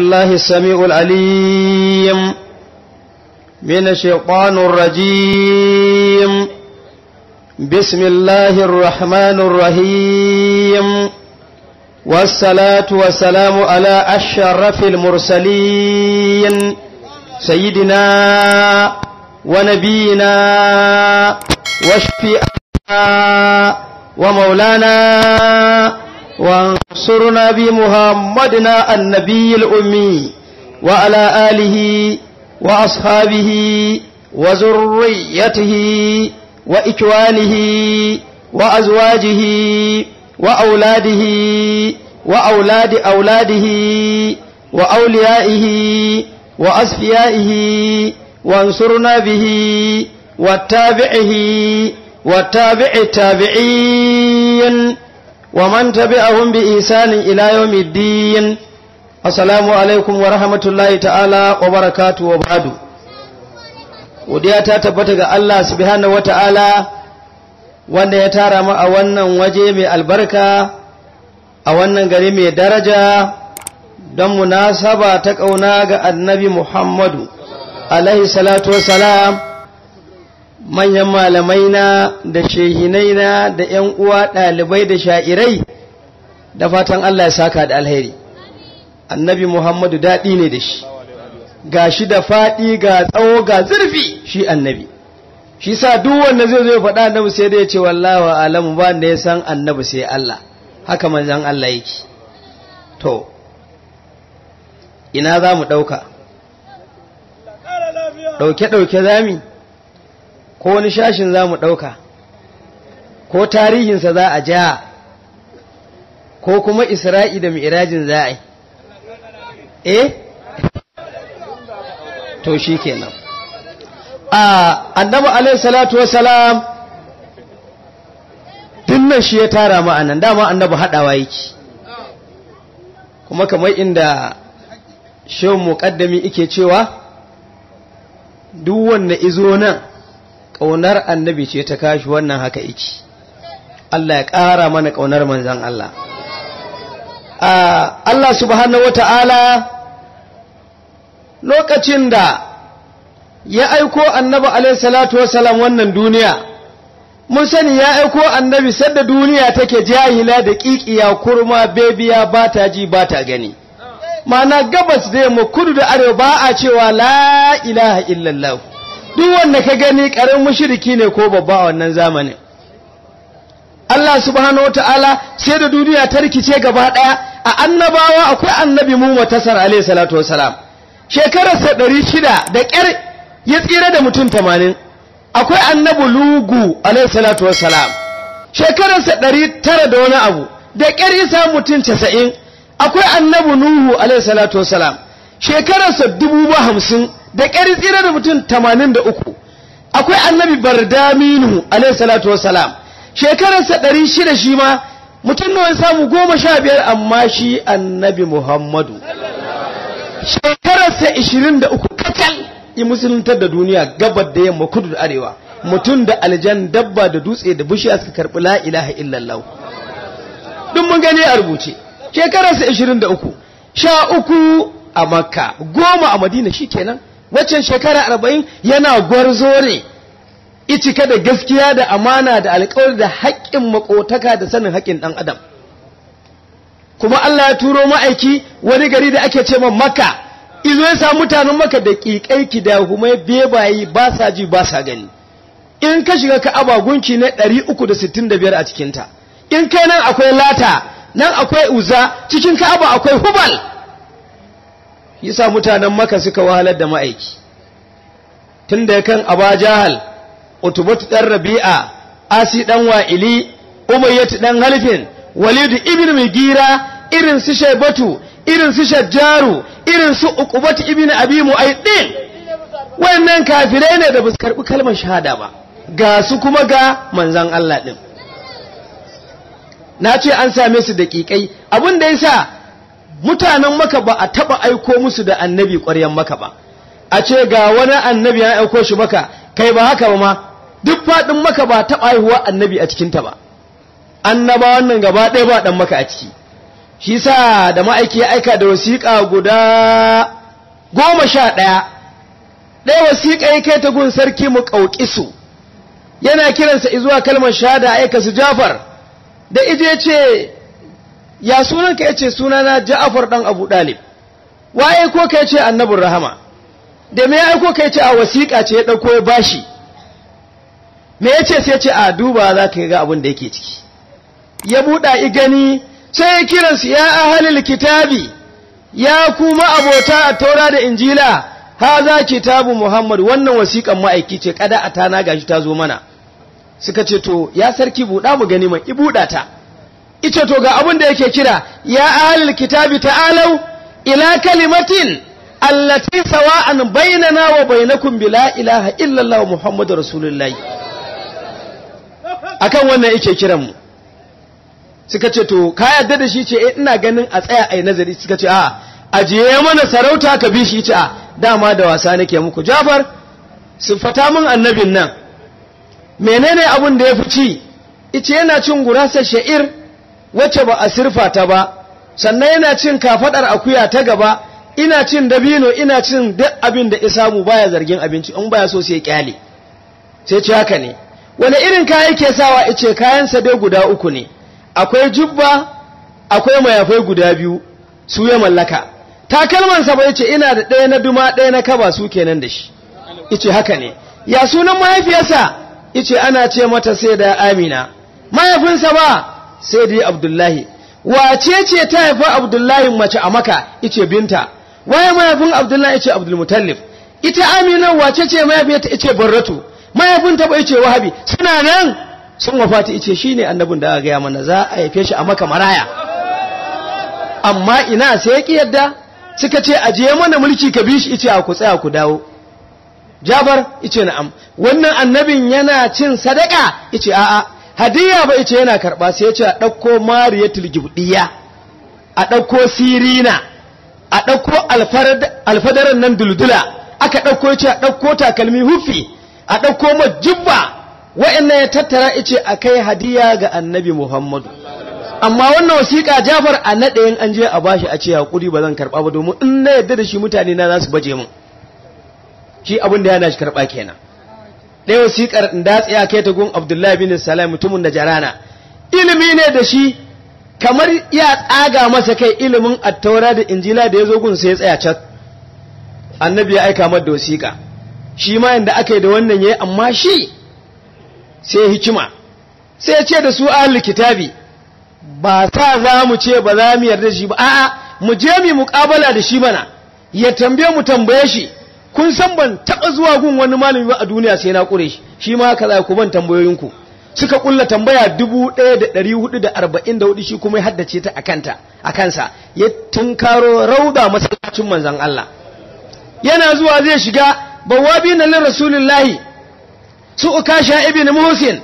الله السميع العليم من الشيطان الرجيم بسم الله الرحمن الرحيم والصلاة والسلام على أشرف المرسلين سيدنا ونبينا وشفيعنا ومولانا وانصرنا بمحمدنا النبي الأمي وعلى آله وأصحابه وذريته وإكوانه وأزواجه وأولاده وأولاد أولاده وأوليائه وأصفيائه وانصرنا به وتابعه وتابع التابعين ومن تبعهم بإحسان إلى يوم الدين السلام عليكم ورحمة الله تعالى وبركاته وبعد godiya ta tabbata ga Allah subhanahu wanda ya tara mu a wannan waje mai albarka a wannan gari mai daraja don munasaba ta ƙauna ga annabi Muhammadu alaihi salatu salam. manyan malamai na da shehinai na da 'yan uwa ɗalibai da sha'irai da fatan Allah ya saka da alheri annabi Muhammadu daɗi ne da shi ga shi da faɗi ga tsawo ga zurfi shi annabi shi sa duk wanda zai zo ya faɗa annabi sai dai ce wallawa alamu ba da ya san annabi sai Allah haka manzan Allah yake to ina za mu ɗauka ɗauke-ɗauke zami ko wani shashin za mu ɗauka ko tarihinsa za a ja ko kuma isra'i da mi'irajin za a yi eh to shi kenan a annabi alaihi salatu Salam, dinnan shi ya tara ma'anan dama annabi haɗawa yake kuma kamar inda mu muƙaddami ike cewa duk wanda izo nan ƙaunar annabi ce ta kashi wannan haka iki Allah ya ƙara mana ƙaunar manzan Allah Allah subhanahu wata'ala lokacin da ya aiko annabi alaihi salatu wasalam wannan duniya mun sani ya aiko annabi sadda duniya take jahila da ƙiƙiya kurma bebiya ba ta ji ba ta gani mana gabas da yamma kudu da arewa ba a cewa la ilaha illallah duk wanda ka gani ƙarin mushiriki ne ko babba a wannan zamanin Allah subhanahu wata'ala sai da duniya ta rikice gaba ɗaya a annabawa akwai annabi mu matasar alaihi salatu wasalam shekararsa ɗari shida da ƙyar ya tsira da mutum tamanin akwai annabi lugu alaihi salatu wasalam shekararsa ɗari tara da wani abu da ƙyar ya samu mutum casa'in akwai annabi nuhu alaihi salatu wasalam shekararsa dubu ba hamsin da ƙari tsira da mutum tamanin da uku akwai annabi bardaminu alaihi salatu shekarar shekararsa ɗari shida shi ma mutum nawa ya samu goma sha biyar amma shi annabi muhammadu shekararsa ishirin da uku kacal yi musuluntar da duniya gabar da yamma kudu da arewa mutum da aljan dabba da dutse da bishiya suka karɓi la ilaha illallah duk mun gani a rubuce shekararsa ishirin da uku sha uku a makka goma a madina shi kenan waccan shekara arba'in yana gwarzore icika da gaskiya da amana da alkawari da haƙƙin makotaka da sanin haƙƙin ɗan adam kuma Allah ya turo ma'aiki wani gari da ake ce maka izo ya samu mutanen maka da ƙiƙai kidahumai bebayi ba sa ji ba sa gani in ka shiga ka'aba gunki na 365 a cikinta in kai nan akwai lata nan akwai uza cikin ka'aba akwai hubal yasa mutanen maka suka wahalar da ma'aiki tun da kan aba jahal utubatu dan rabi'a asi dan wa'ili umayyatu dan halifin walidu ibn migira irin su shaibatu irin su shajjaru irin su uqubatu ibn abi mu'aydin wannan kafirai ne da basu karɓi karbi kalmar shahada ba ga su kuma ga manzon Allah din na ce an same su daƙiƙai, abin da yasa mutanen maka ba a taba aiko musu da annabi ƙwaryan maka ba a ce ga wani annabi ya aiko shi maka kai ba haka ba ma duk faɗin maka ba taɓa haihuwa annabi a cikinta ba annaba wannan gaba ɗaya ba ɗan maka a ciki shi sa da ma'aiki ya aika da wasiƙa guda goma sha ɗaya ɗaya wasiƙa ya kai ta gun sarki mu ƙauƙi su. yana kiransa izuwa kalmar shahada aika su jafar da ije ce ya sunanka ya ce sunana ja'afar ɗan abu ɗalib Waye ko ka yace ce annabin rahama da me ya aiko ka yace a wasiƙa ce ya dauko ya bashi me ya ce sai ce a duba za ka ga abin da yake ciki ya buɗa gani sai ya su ya ahalil kitabi ya kuma abota a taura da injila haza kitabu muhammad wannan wasiƙan ma'aiki ce kada a tana gashi ta zo mana suka ce to ya sarki buɗa mu gani mai i buda ta ita to ga abin da yake kira ya ahlul kitabi ta'alu ila kalimatin allati sawa'an bainana wa bainakum bila ilaha illallah muhammadur rasulullahi akan wannan yake kiran mu suka ce to ka yadda da shi ce eh ina ganin a tsaya ai nazari suka ce a'a ajiye mana sarauta ka bi shi ce dama da wasa nake muku Jafar fata min annabin nan menene abun da ya fi ci ice yana cin gurasar sha'ir wacce ba a sirfa ta ba sannan yana cin kafadar akuya ta gaba ina cin dabino ina cin duk abin da isamu baya zargin abinci in baya so sai kyale sai ce haka ne wani irin kaya yake sawa ice kayan sa dai guda uku ne akwai jubba akwai mayafai guda biyu su ya mallaka takalman sa bai ce ina da ɗaya na duma ɗaya na kaba su kenan da shi ice haka ne ya sunan mahaifiyarsa ice ana ce mata sai da amina mahaifinsa ba sai dai abdullahi wace ce ta haifa abdullahi mace a maka ice binta waye mahaifin abdullahi ice abdulmutallif ita amina wace ce mahaifin ta ice barratu mahaifin ta ba ice wahabi suna nan sun wafata ice shine annabin da aka gaya mana za a haife shi a maka maraya amma ina sai ki yadda suka ce ajiye mana mulki ka bi shi ice a ku tsaya ku dawo jabar ice na'am wannan annabin yana cin sadaka ice a'a hadiya bai ce yana karɓa sai ya ce a ɗauko mariyatul gibdiya a ɗauko sirina a ɗauko alfadaran nan duldula aka ɗauko ya ce a ɗauko takalmi hufi a ɗauko majibba wa'annan ya tattara ice a kai hadiya ga annabi muhammadu amma wannan wasiƙa jafar a naɗayin an je a bashi a ce haƙuri ba zan karɓa ba domin in na yarda da shi mutane na za su baje min shi abin da yana shi karɓa kenan ɗaya wasiƙar in datse a kai ta gun abdullahi bin salam mutumin da jarana, ilimi ne da shi kamar ya tsaga masa kai ilimin attaura da injila da ya zo gun sai ya tsaya can annabi ya aika mata da wasiƙa shi ma yanda aka yi da wannan yi amma shi sai hikima sai ya ce da su ahli kitabi ba sa za mu ce ba za mu yarda shi ba a'a mu je mu muƙabala da shi bana ya tambaye mu tambaye shi kun san ban taɓa zuwa gun wani malami ba a duniya sai na ƙure shi shi ma haka za ku ban tambayoyinku suka ƙulla tambaya dubu ɗaya da da da ɗari arba'in hudu shi kuma ya haddace ta a kansa ya tunkaro rauda masallacin manzan Allah yana zuwa zai shiga bawabi na lin rasulullahi su ukasha ibn muhsin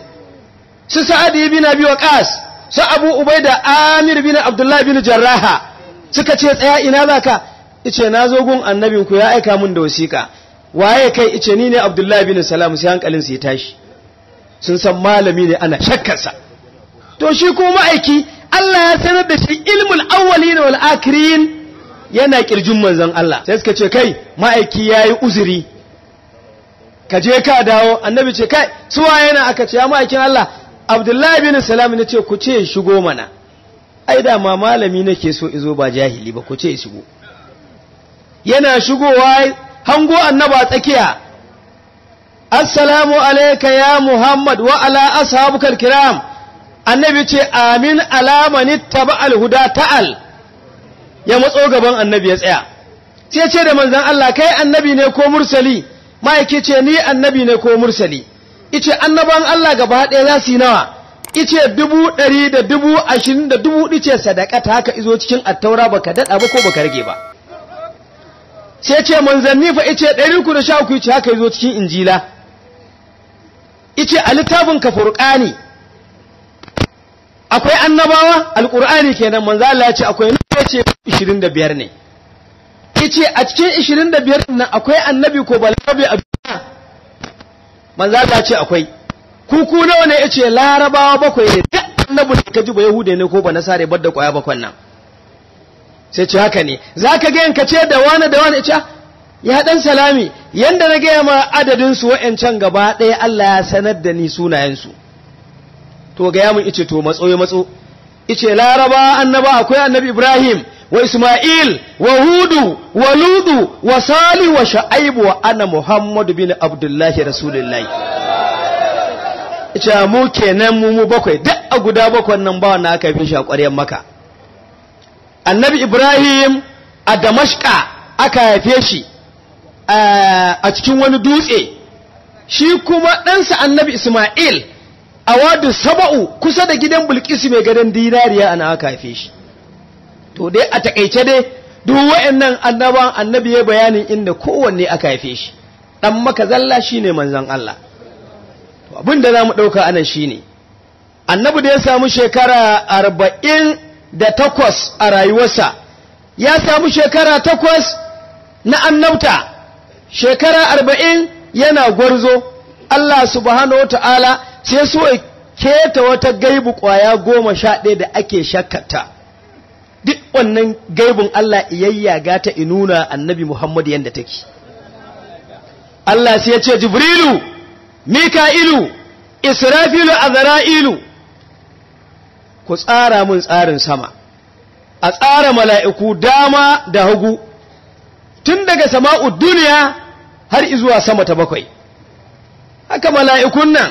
su sa'ad ibn abi waqas su abu ubaida amir bin abdullah bin jarraha suka ce tsaya ina zaka ice na zo gun annabin ku ya aika mun da wasiƙa waye kai ice ni ne abdullahi bin salam sai hankalin sai tashi sun san malami ne ana shakkarsa to shi ko ma'aiki Allah ya sanar da shi ilmul awwalin wal akhirin yana kirjin manzon Allah sai suka ce kai ma'aiki yayi uzuri ka je ka dawo annabi ce kai waye yana aka ce ya ma'aikin Allah abdullahi bin salam ne ce ku ce shigo mana ai da ma malami nake so izo ba jahili ba ku ce shigo yana shigowa hango annaba tsakiya assalamu alayka ya muhammad wa ala ashabukal kiram annabi ce amin ittaba al huda ta'al ya matso gaban annabi ya tsaya sai ce da manzon Allah kai annabi ne ko mursali ma'aiki ce ni annabi ne ko mursali ice annaban Allah gaba ɗaya za su yi nawa ice dubu ɗari da dubu ashirin da dubu ɗice sadaka ta haka izo cikin attaura baka daɗa ba ko baka rage ba sai ce manzanni fa ice 313 ce haka yazo cikin injila ice a littafin ka furqani akwai annabawa alqur'ani kenan manzo Allah ya ce akwai ne ce 25 ne ice a cikin 25 nan akwai annabi ko balabi a duniya manzo Allah ya ce akwai kuku nawa ne ice larabawa bakwai ne duk annabin kaji ka ji ba yahude ne ko ba nasare bar da kwaya bakwai nan sai ce haka ne za ka in ka ce da wani da wani ce ya dan salami yadda na gaya ma adadinsu wa'yancan gaba ɗaya Allah ya sanar da ni sunayensu to gaya mun ice to matso ya matso ice laraba annaba akwai annabi ibrahim wa isma'il wa hudu wa ludu wa sali wa sha'aibu wa ana muhammadu bin abdullahi rasulullahi ice mu kenan mu mu bakwai duk a guda bakwai nan ba wannan aka fi shi a maka annabi ibrahim a damashka aka haife shi eh, a cikin wani dutse shi kuma ɗansa annabi isma'il a wadu saba'u kusa da gidan bulkisu mai gadon dinariya ana aka haife shi to dai a takaice dai duk wa'annan annaban annabi ya bayanin inda kowanne aka haife shi dan maka zalla shine manzon Allah to abin da zamu dauka anan shine annabi da ya samu shekara arba'in da takwas a rayuwarsa ya samu shekara takwas na annauta shekara arba'in yana gwarzo Allah subhanahu ta'ala sai so keta wata gaibu kwaya goma sha ɗaya da ake shakkata duk wannan gaibun Allah iyayya gata inuna annabi Muhammad yadda take Allah sai ya ce Jibrilu Mika'ilu Israfilu Azra'ilu ku tsara mun tsarin sama a tsara mala'iku dama da hagu tun daga sama'u duniya har izuwa sama ta bakwai haka mala'ikun nan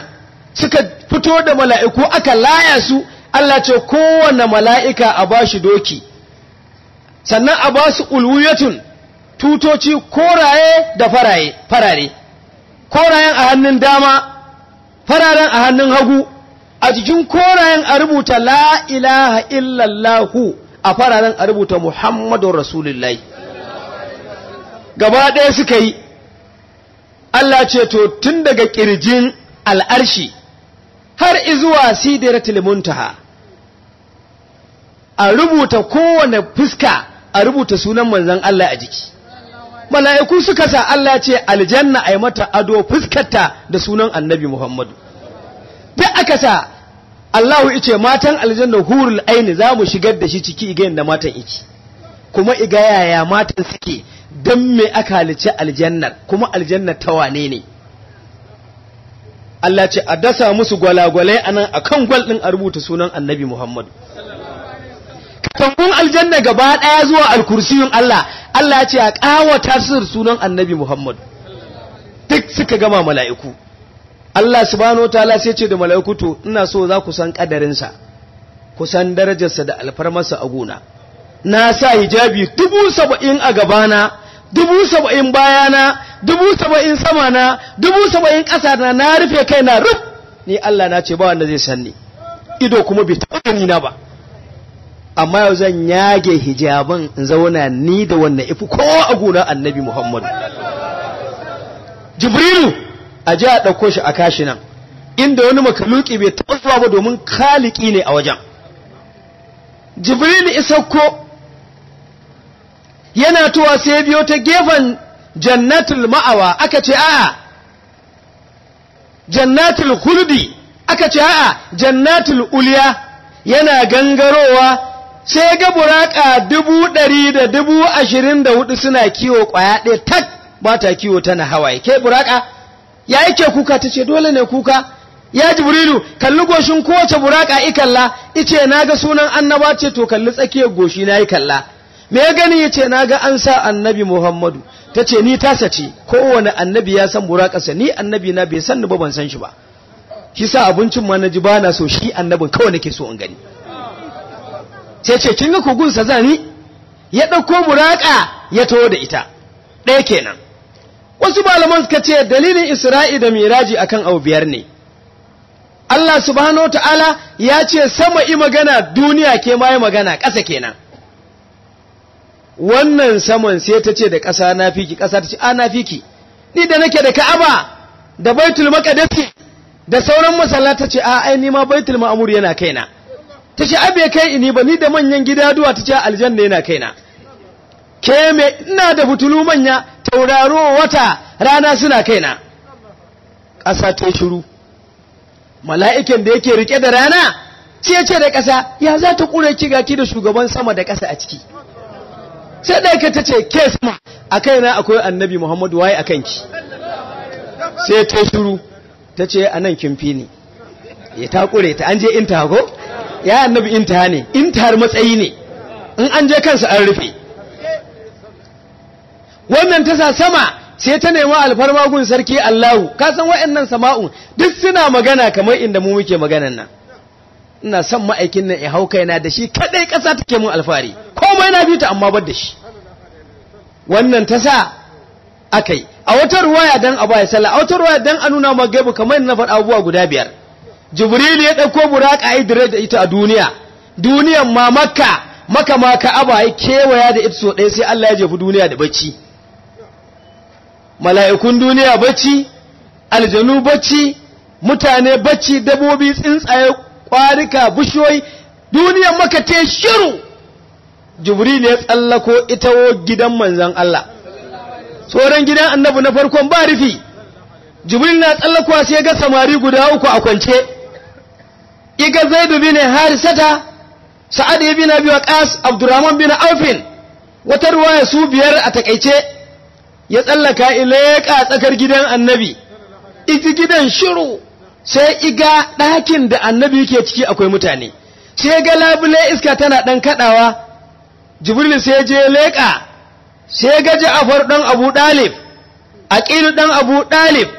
suka fito da mala'iku aka laya su Allah ce kowane mala'ika a ba shi doki sannan a ba su ulwuyatun tutoci koraye da farare korayen a hannun dama fararen a hannun hagu a jikin korayen a rubuta la ilaha illallahu a fararen a rubuta muhammadun rasulullahi gaba ɗaya suka yi Allah ce to tun daga ƙirjin al'arshi har izuwa sidira muntaha a rubuta kowane fuska a rubuta sunan manzan Allah a jiki mala'iku suka sa Allah ce aljanna a yi mata ado fuskarta da sunan annabi Muhammadu duk aka sa Allah ya ice matan aljanna hurul aini za mu shigar da shi ciki igayen da matan iki kuma iga yaya matan suke don me aka halice aljannar kuma aljannar ta wane ne Allah ce a dasa musu nan anan akan gwal din a rubuta sunan annabi Muhammadu Katangun aljanna gaba ɗaya zuwa alkursiyun Allah Allah ce a ƙawata sunan annabi Muhammad duk suka gama mala'iku Allah subhanahu ta'ala sai ce da to ina so za ku san kadarin sa. ku san darajarsa da alfarmarsa a gona na sa hijabi dubu saba'in a gabana dubu saba'in bayana dubu saba'in samana dubu saba'in ƙasa na na rufe kai na ruf ni Allah na ce ba wanda zai san ido kuma bai taɓa gani na ba amma yau zan yage hijabin in zauna ni da wannan ifi kowa a gona annabi Muhammadu Jibrilu a ji a ɗauko shi a kashi nan inda wani makaluki bai taɓa zuwa ba domin kaliki ne a wajen jibril isakko yana tuwa sai biyo ta gefen jannatul ma'awa aka ce a'a jannatul huldi aka ce a'a jannatul uliya yana gangarowa sai ga buraka dubu ɗari da dubu ashirin da hudu suna kiwo ƙwaya ɗaya tak ba ta kiwo tana hawaye ke buraka ya yake kuka tace dole ne kuka ya jibrilu kalli goshin kowace buraka i kalla ice naga sunan annaba ce to kalli tsakiyar goshi na i kalla me ya gani yace ce na ga an sa annabi muhammadu tace ni tasa ce kowane annabi ya san burakarsa ni annabi na bai san ni ba ban san shi ba Ki sa abincin ma na ji ba na so shi annabin kawai nake so in gani sai ce kin ga kugun sa zani ya ɗauko buraka ya taho da ita ɗaya kenan wasu malaman suka ce dalilin isra'i da miraji akan abu biyar ne Allah subhanahu ta'ala ya ce sama i magana duniya ke ma yi magana ƙasa kenan wannan saman sai ta ce da ƙasa na fiki ƙasa ta ce a na fiki ni da nake da ka'aba da baitul maqdis da sauran masalla ta ce a ai ni ma baitul ma'mur yana kaina ta ce abe kai ni ba ni da manyan gida duwa ta ce aljanna yana kaina ke me ina da fitulu manya tauraro wata rana suna kaina ƙasa ta shiru mala'ikan da yake rike da rana ce da ƙasa ya za ta ƙure ki gaki da shugaban sama da ƙasa a ciki sai da ta ce ke sama a kaina akwai annabi muhammadu waye a kanki sai ta shiru ta ce a nan fi ne ya ta ƙure ta an je inta ko ya annabi inta ne inta har matsayi ne in an je kansa an rufe wannan ta sa sama sai ta nemi alfarma gun sarki Allahu ka san waɗannan sama'u duk suna magana kamar inda mu muke maganan nan ina son ma'aikin nan ya hau kaina da shi kadai ƙasa take mun alfari komai na bita amma bar da shi wannan ta sa akai a wata ruwaya dan a baya sallah a wata ruwaya dan a nuna magaibu kamar na faɗa abubuwa guda biyar jibril ya ɗauko buraka Idirai da ita a duniya duniyan ma makka maka ma ka'aba ya kewaya da ita so ɗaya sai Allah ya jefi duniya da bacci mala'ikun duniya bacci aljanu bacci mutane bacci dabobi tsuntsaye kwarika bushiyoyi duniyar maka te shiru jibril ya tsallako ita wo gidan manzan Allah tsoron gidan annabi na farkon ba rufi jibril na tsallakowa sai ga samari guda uku a kwance iga zaidu bin harisata sa'ad ibn abi waqas abdurrahman bin aufin wata ruwaya su biyar a takeice ya tsallaka ileka tsakar gidan annabi iji gidan shiru sai iga ɗakin da annabi yake ciki akwai mutane sai ga labule iska tana ɗan kaɗawa jibril sai je leƙa sai ga ja'afar ɗan abu ɗalib aqilu ɗan abu ɗalib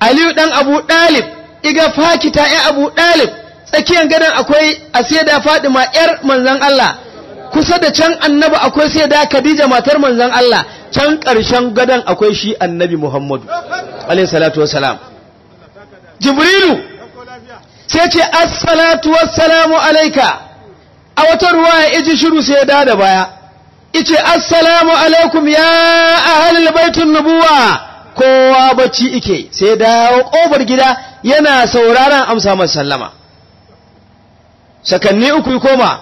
aliyu ɗan abu ɗalib iga fakita ya abu ɗalib tsakiyar gadon akwai asiyada fadima ‘yar manzon Allah kusa da can annabi akwai sai da Khadija matar manzon Allah can ƙarshen gadon akwai shi annabi Muhammadu alayhi salatu wassalam Jibrilu sai ce assalatu wassalamu alayka a wata ruwaya iji shiru sai da da baya ice assalamu alaikum ya ahlul baitin nubuwa kowa bacci ike sai dawo kofar gida yana sauraron amsa masallama sakanni uku koma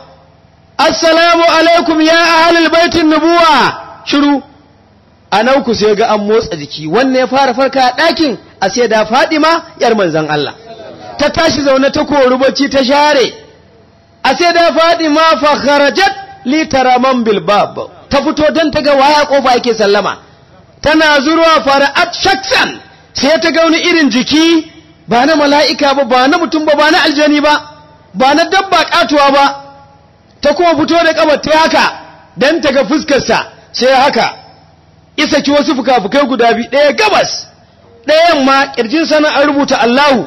assalamu alaikum ya ahalil baitin nubuwa shiru a nauku sai ga an motsa jiki wannan ya fara farka a ɗakin a sai da fadima yar manzan Allah ta tashi zaune ta kori bacci ta share a sai da fadima fa kharajat li taraman bil ta fito dan ta ga waya kofa yake sallama tana zuruwa fara'at shaksan sai ta ga irin jiki ba na mala'ika ba ba na mutum ba ba na aljani ba ba na dabba katuwa ba ta kuma fito da kabar ta haka don ta ga fuskarsa sai haka isa ki wasu fukafukai guda biyu ɗaya gabas ɗayan ma ƙirjin sana an rubuta Allahu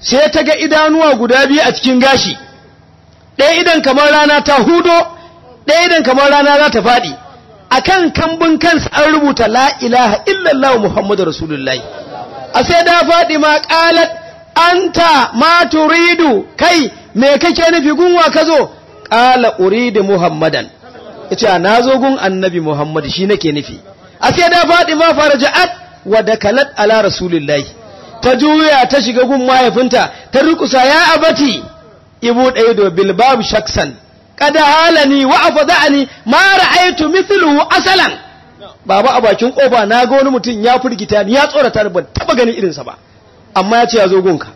sai ta ga idanuwa guda biyu a cikin gashi ɗaya idan kamar rana ta hudo ɗaya idan kamar rana za ta faɗi akan kambun kansa an rubuta la ilaha illallah muhammadu rasulullahi a sai da faɗi ma ƙalat anta ma turidu kai me kake nufi gunwa ka zo kala uridu muhammadan yace na zo gun annabi muhammad shi nake nufi a sai da fara farja'at wa dakalat ala rasulillahi ta juya ta shiga gun mahaifinta ta rukusa ya abati ibu da bilbab shaksan kada halani wa afadani ma ra'aytu mithluhu asalan baba a bakin kofa na ga wani mutum ya firgita ni ya tsorata ban taba ganin irinsa ba amma ya ce ya zo gunka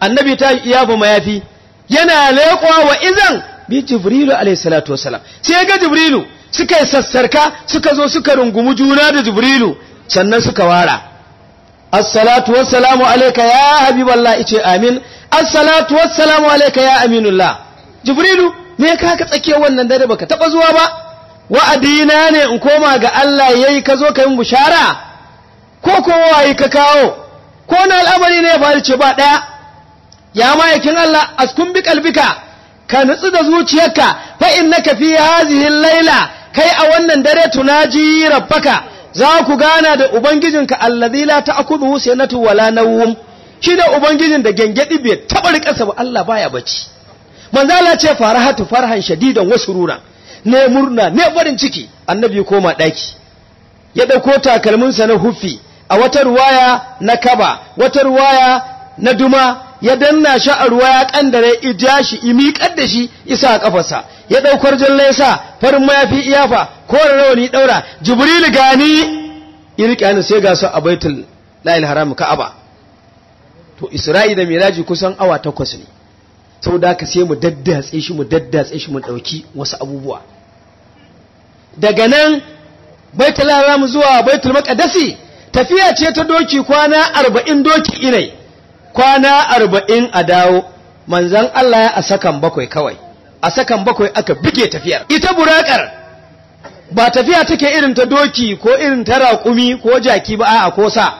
annabi ta yi iyafa mayafi yana leƙwa wa izan bi jibrilu alayhi salatu wasalam sai ga jibrilu suka yi sassarka suka zo suka rungumi juna da jibrilu sannan suka wara assalatu wassalamu alayka ya habiballah ice amin assalatu wassalamu alayka ya aminullah jibrilu me ka ka tsakiyar wannan dare baka taba zuwa ba wa'adina ne in koma ga Allah yayi ka zo ka yi bushara ko kowa yi ka kawo ko na al'amari ne ya faru ce ba daya ya ma'aikin Allah askun bi kalbika ka nutsu da zuciyarka fa innaka fi al laila kai a wannan dare tunaji rabbaka za ku gana da ubangijinka allazi la ta'khudhu sanatu wala nawm shi da ubangijin da gengedi bai taba rikarsa ba Allah baya bacci manzo Allah ce farahatu farhan shadidan surura ne murna ne farin ciki annabi koma daki ya dauko takalminsa na hufi a wata ruwaya na kaba wata ruwaya na duma ya danna shi a ruwa ya kandare ija shi imiƙar da shi isa a kafarsa ya ɗaukar jalla sa farin mayafi iyafa ko rawani ɗaura jibril gani irka ne sai ga su a baitul la'il haram ka'aba to isra'i da miraji kusan awa takwas ne saboda ka sai mu daddatse shi mu daddatse shi mu ɗauki wasu abubuwa daga nan baitul haram zuwa baitul maqdisi tafiya ce ta doki kwana arba'in doki inai kwana arba'in a dawo manzan Allah ya a sakan bakwai kawai a sakan bakwai aka buge tafiyar ita burakar ba tafiya take irin ta doki ko irin ta raƙumi ko jaki ba a ko sa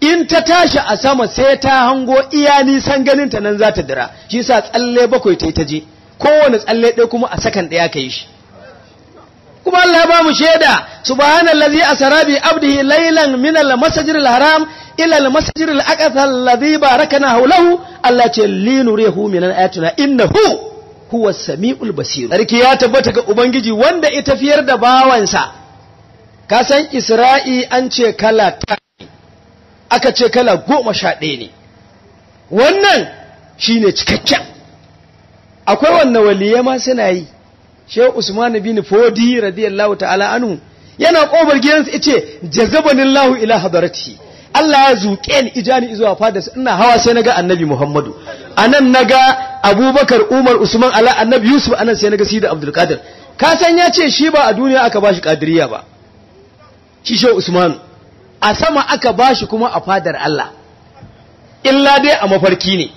in ta tashi a sama sai ta hango iya nisan ganinta nan za ta dira shi sa tsalle bakwai ta yi ta je kowane tsalle ɗaya kuma a sakan ɗaya ka yi shi kuma Allah ya ba mu shaida subhanallazi asara bi abdihi laylan min al haram ila al-masjid al-aqsa alladhi barakana hawlahu Allah ce linurihu min ayatina innahu huwa as-sami'ul basir sarki ya tabbata ga ubangiji wanda ya tafiyar da bawansa ka san Isra'i an ce kala ta aka ce kala goma sha ɗaya ne wannan shine cikakken akwai wannan waliyai ma suna yi shehu usman bin fodi radiyallahu ta'ala anhu yana kobar gidansa yace jazabanin lahu ila hadarati Allah ya zuƙe ni ijani zuwa fadarsa ina hawa sai naga annabi Muhammadu anan naga Abubakar Umar Usman ala annabi Yusuf anan sai naga Sidi Abdul Qadir ka san ya ce shi ba a duniya aka bashi kadiriya ba shi shehu Usman a sama aka bashi kuma a fadar Allah illa dai a mafarki ne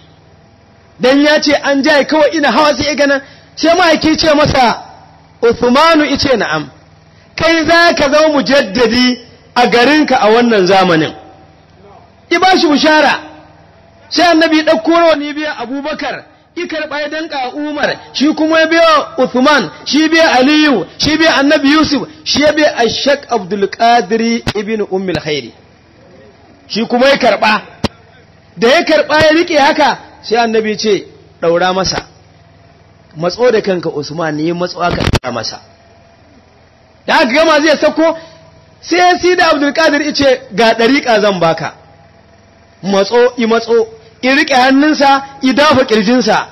dan yace ce an jaye kawai ina hawa sai ya gana sai ma'aiki ce masa Uthmanu ice na'am kai za ka zama mujaddadi a garinka a wannan zamanin i ba shi bushara sai annabi ɗauko rawani biya abubakar i karɓa ya danka umar shi kuma ya biya uthman shi biya aliyu shi biya annabi yusuf shi ya biya ashak abdulkadiri ibn ummil khairi shi kuma ya karɓa da ya karɓa ya rike haka sai annabi ce ɗaura masa matso da kanka usman ne matso aka tsaya masa da aka gama zai sako sai ya sida da abdulkadir ice ga ɗariƙa zan baka matso i matso i rike hannunsa i dafa ƙirjinsa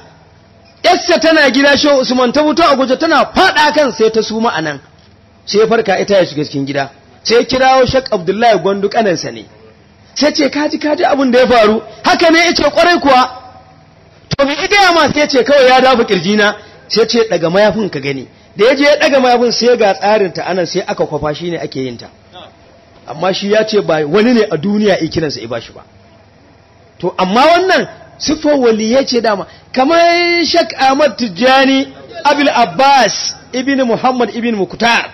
yassa tana gida shi usman ta fito a guje tana fada kan sai ta suma a nan sai ya farka ita ya shiga cikin gida sai kirawo shak abdullahi gwandu kanansa ne sai ce kaji kaji abin da ya faru haka ne ya kwarai kuwa to mai gaya ma sai ce kawai ya dafa na sai ce daga mayafin ka gani da ya je ya daga mayafin sai ga tsarin ta anan sai aka kwafa shi ne ake yin ta amma shi ya ce ba wani ne a duniya ikinansa kiransa ya bashi ba to amma wannan sifo wali ya ce dama kamar shak ahmad tijjani abil abbas ibn muhammad ibn mukhtar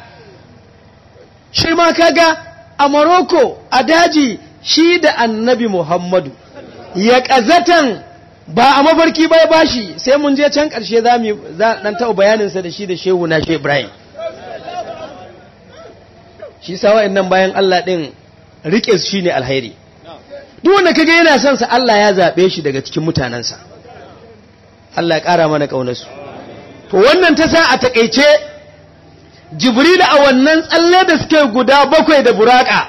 shi ma kaga a Morocco a daji shi da annabi muhammadu ya ƙazatan ba a mafarki bai bashi sai mun je can ƙarshe za mu dan taɓa sa da shi da shehu na shehu ibrahim shi wa'in nan bayan allah ɗin riƙe shi ne alheri duk wanda kaga yana son sa allah ya zaɓe shi daga cikin mutanensa allah ya ƙara mana su. to wannan ta sa a taƙaice jibril a wannan tsalle da suke guda bakwai da buraka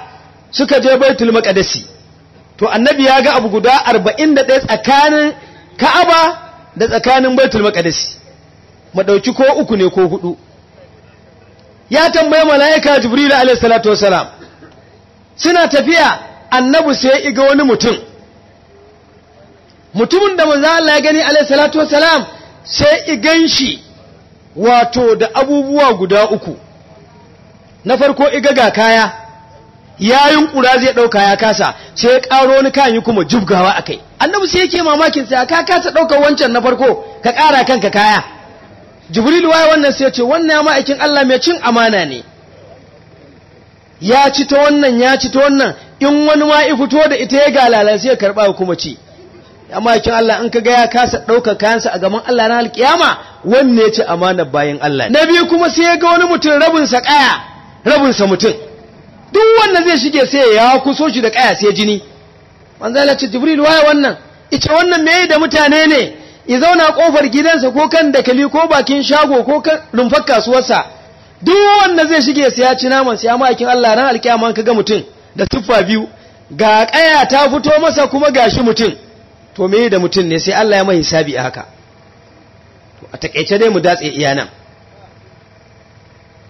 suka je baitul maqdisi to annabi ya ga abu guda 41 tsakanin ka'aba da tsakanin baitul maqdis mu ko uku ne ko hudu ya tambaye malaika jibril alayhi salatu wasalam suna tafiya annabi sai iga wani mutum mutumin da manzo Allah ya gani alayhi salatu wasalam sai igan shi wato da abubuwa guda uku na farko iga ga kaya ya yunkura zai ɗauka ya kasa sai ya ƙaro wani kayan yi kuma jubgawa a kai annabi sai yake mamakin sai ka kasa ɗaukar wancan na farko ka ƙara kanka kaya jibril waye wannan sai ya ce wannan ma'aikin allah mai cin amana ne ya ci ta wannan ya ci ta wannan in wani ma i fito da ita ya galala sai ya karɓa kuma ci amma kin Allah in kaga ya kasa ɗaukar kayansa a gaban Allah na alkiyama wanne ya ci amanar bayan Allah na biyu kuma sai ya ga wani mutum rabinsa ƙaya rabinsa mutum duk wanda zai shige sai ya kuso shi da kaya sai jini manzala ce jibril waye wannan ita wannan me da mutane ne ya zauna kofar gidansa ko kan dakali ko bakin shago ko kan rumfar kasuwarsa duk wanda zai shige sai ya ci naman sai ya ma'aikin Allah ran alkiyama ka ga mutum da tuffa biyu ga kaya ta fito masa kuma gashi mutum to me da mutum ne sai Allah ya mai hisabi haka to a takeice dai mu datse iya nan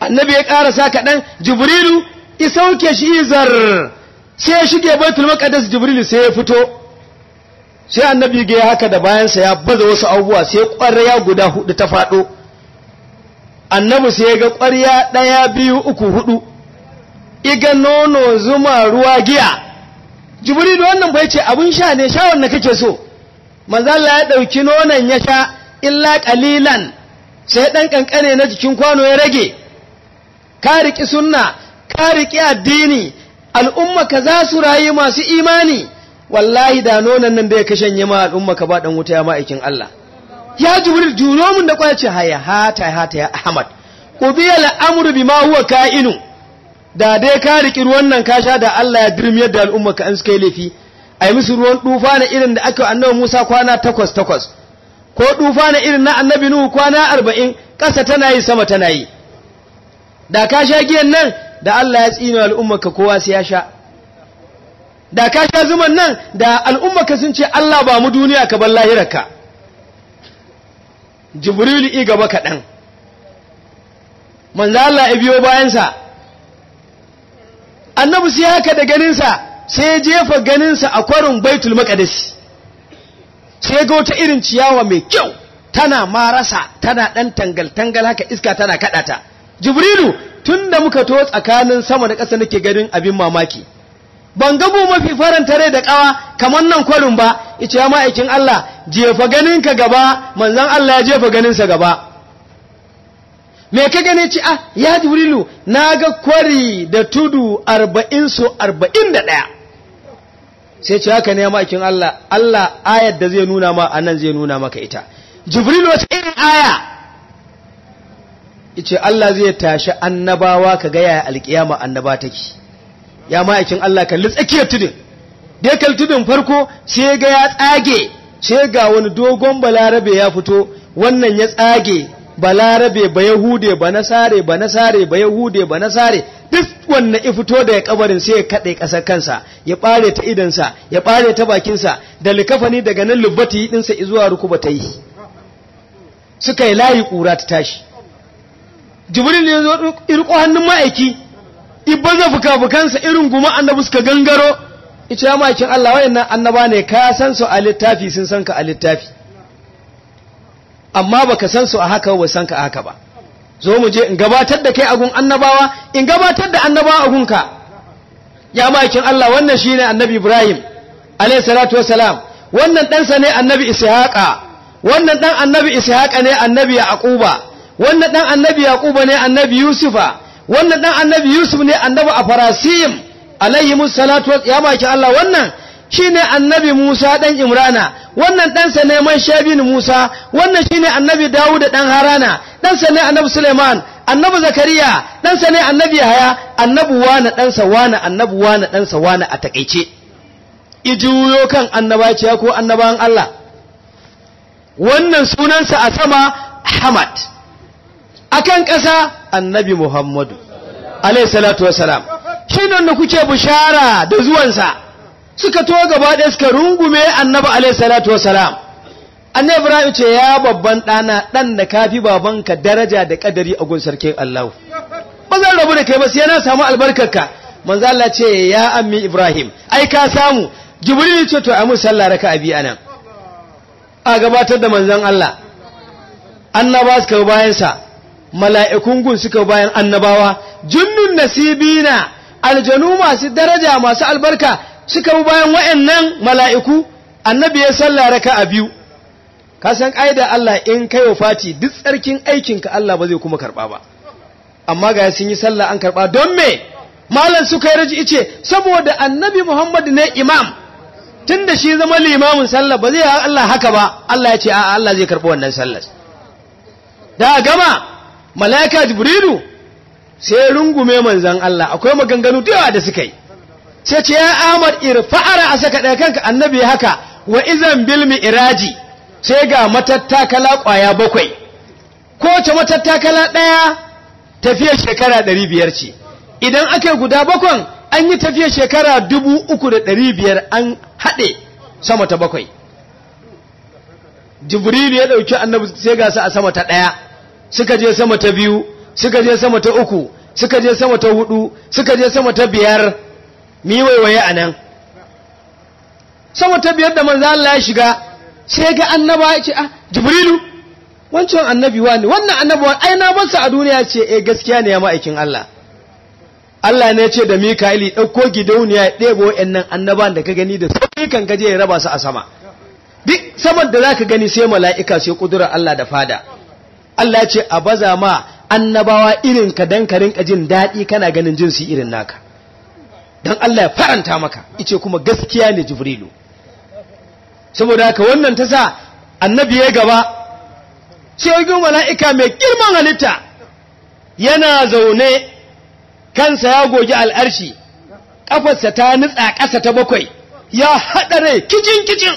annabi ya ƙara sa kaɗan jibrilu i sauke shi zar sai ya shige baitul maqdis jibril sai ya fito sai annabi ga haka da bayan sa ya baza wasu abubuwa sai ƙwarya guda hudu ta fado annabi sai ya ga ƙwarya ɗaya biyu uku hudu iga nono zuma ruwa giya jibril wannan bai ce abun sha ne sha wannan kake so manzala ya ɗauki nonon ya sha illa qalilan sai ɗan ƙanƙane na jikin kwano ya rage ka riki sunna ka riƙe addini al'umma ka za su rayu masu imani wallahi da nonon nan da ya kashe ma al'umma ka ba dan wuta ya ma'aikin Allah ya jibril juro mun da kwace haya hata hata ya ahmad qubiya bi ma huwa ka'inu da dai ka riki ruwan nan ka sha da Allah ya dirmiyar da al'umma ka an suka yi laifi ai musu ruwan dufa na irin da aka annabi Musa kwana takwas takwas ko dufa na irin na annabi Nuhu kwana arba'in ƙasa tana yi sama tana yi da ka sha giyan nan da Allah ya al'umma ka kowa sai ya sha da ka sha zuman nan da al'umma ka sun ce Allah ba mu duniya ka ban lahirarka jibrilu i gaba kaɗan manzo Allah ya biyo bayansa annabi sai haka da ganinsa sai ya jefa ganinsa a kwarin baitul maqdis sai ga wata irin ciyawa mai kyau tana marasa tana ɗan tangal-tangal haka iska tana kaɗata jibrilu tun da muka to tsakanin sama da ƙasa nake ganin abin mamaki ban gabo mafi faranta rai da ƙawa kamar nan kwarin ba ice ya ma'aikin Allah jefa ganinka gaba manzan Allah ya jefa ganinsa gaba me ka gane ci ah ya jibrilu na ga kwari da tudu arba'in so arba'in da ɗaya sai ce haka ne ya ma'aikin Allah Allah ayar da zai nuna ma a nan zai nuna maka ita jibrilu wata irin aya ce Allah zai tashi annabawa ka ga yaya alƙiyama annaba take ya ma'aikin Allah kalli tsakiyar tudun da ya kalli tudun farko sai ga ya tsage sai ga wani dogon balarabe ya fito wannan ya tsage balarabe ba hude ba sare ba sare ba ya hude ba na sare. duk wannan ya fito da ya kabarin sai ya kaɗe ƙasar kansa ya ɓare ta idansa ya ɓare ta bakinsa da likafani daga nan lubbati ɗinsa izuwa rukuba ta yi suka yi layi ƙura ta tashi jibril ya zo irko hannun ma'aiki ibbaza fuka-fukansa irin guma annabi suka gangaro ita ya ma'aikin Allah wayannan annaba ne ka san su a littafi sun san ka a littafi amma baka san su a haka ba san ka a haka ba zo mu je in gabatar da kai agun annabawa in gabatar da annabawa agun ka ya ma'aikin Allah wannan shine annabi Ibrahim alayhi salatu wassalam wannan dan sa ne annabi Ishaqa wannan dan annabi Ishaqa ne annabi Yaquba wannan dan annabi yaquba ne annabi yusufa wannan dan annabi yusuf ne annabi afarasim alayhi musallatu ya baki Allah wannan shine annabi Musa dan Imrana wannan sa ne man Shabin Musa wannan shine annabi Dawud dan Harana sa ne annabi Suleiman annabi Zakariya sa ne annabi Yahaya annabi Wana sa Wana annabi Wana sa Wana a takeice ijuyo kan annabaciya ko annaban Allah wannan sunansa a sama Hamad akan ƙasa annabi Muhammadu alaihi salatu wasalam shi nan da kuke bushara da zuwansa suka to gaba ɗaya suka rungume annabi alaihi salatu wasalam annabi Ibrahim ce ya babban ɗana ɗan da kafi babanka daraja da kadari a gun sarkin Allah ba rabu da kai ba sai yana samu albarkarka manzo Allah ce ya ammi Ibrahim ai ka samu Jibril ce to a mu sallah raka abi anan a gabatar da manzon Allah annaba suka bayan sa mala'ikun gun suka bayan annabawa nasibi na. aljanu masu daraja masu albarka suka bayan waɗannan mala'iku annabi ya salla raka a biyu ka san ƙa'ida Allah in kai wa fati duk tsarkin aikinka Allah ba zai kuma karɓa ba amma ga sun yi sallah an karɓa don me malam suka yi raji ice saboda annabi Muhammad ne imam tun da shi zama limamin sallah ba zai Allah haka ba Allah ya ce a'a Allah zai karɓi wannan sallar da gama mala'ika jibrilu sai rungume manzan Allah akwai maganganu da yawa da suka yi sai ce ya amar irfa'ara a saka ɗaya kanka annabi haka wa izan bilmi iraji sai ga matattakala ƙwaya bakwai ko ta matattakala ɗaya tafiyar shekara ɗari biyar ce idan aka guda bakwan an yi tafiyar shekara dubu uku da ɗari biyar an haɗe sama ta bakwai jibrilu ya ɗauki annabi sai ga su a sama ta ɗaya suka je sama ta biyu suka je sama ta uku suka je sama ta hudu suka je sama ta biyar Mi yi waiwaye a nan sama ta biyar da manzan Allah ya shiga sai ga annaba ya ce ah jibrilu wancan annabi wa ne wannan annabi wa ai na barsa a duniya ce eh gaskiya ne ya ma'aikin Allah Allah ne ce da Mika'ili ɗauko gidauniya ya ɗebo nan annaban da ka gani da sauƙi kan gaje ya raba su a sama duk saman da ka gani sai mala'ika sai kudura Allah da fada Allah ce a baza ma annabawa irin ka dan ka rinka jin daɗi kana ganin jinsi irin naka dan Allah ya faranta maka ice kuma gaskiya ne jibrilu saboda haka wannan ta sa annabi ya gaba shegin mala'ika mai girman halitta yana zaune kansa ya goge al'arshi ƙafarsa ta nutsa ƙasa ta bakwai ya haɗa rai kicin kicin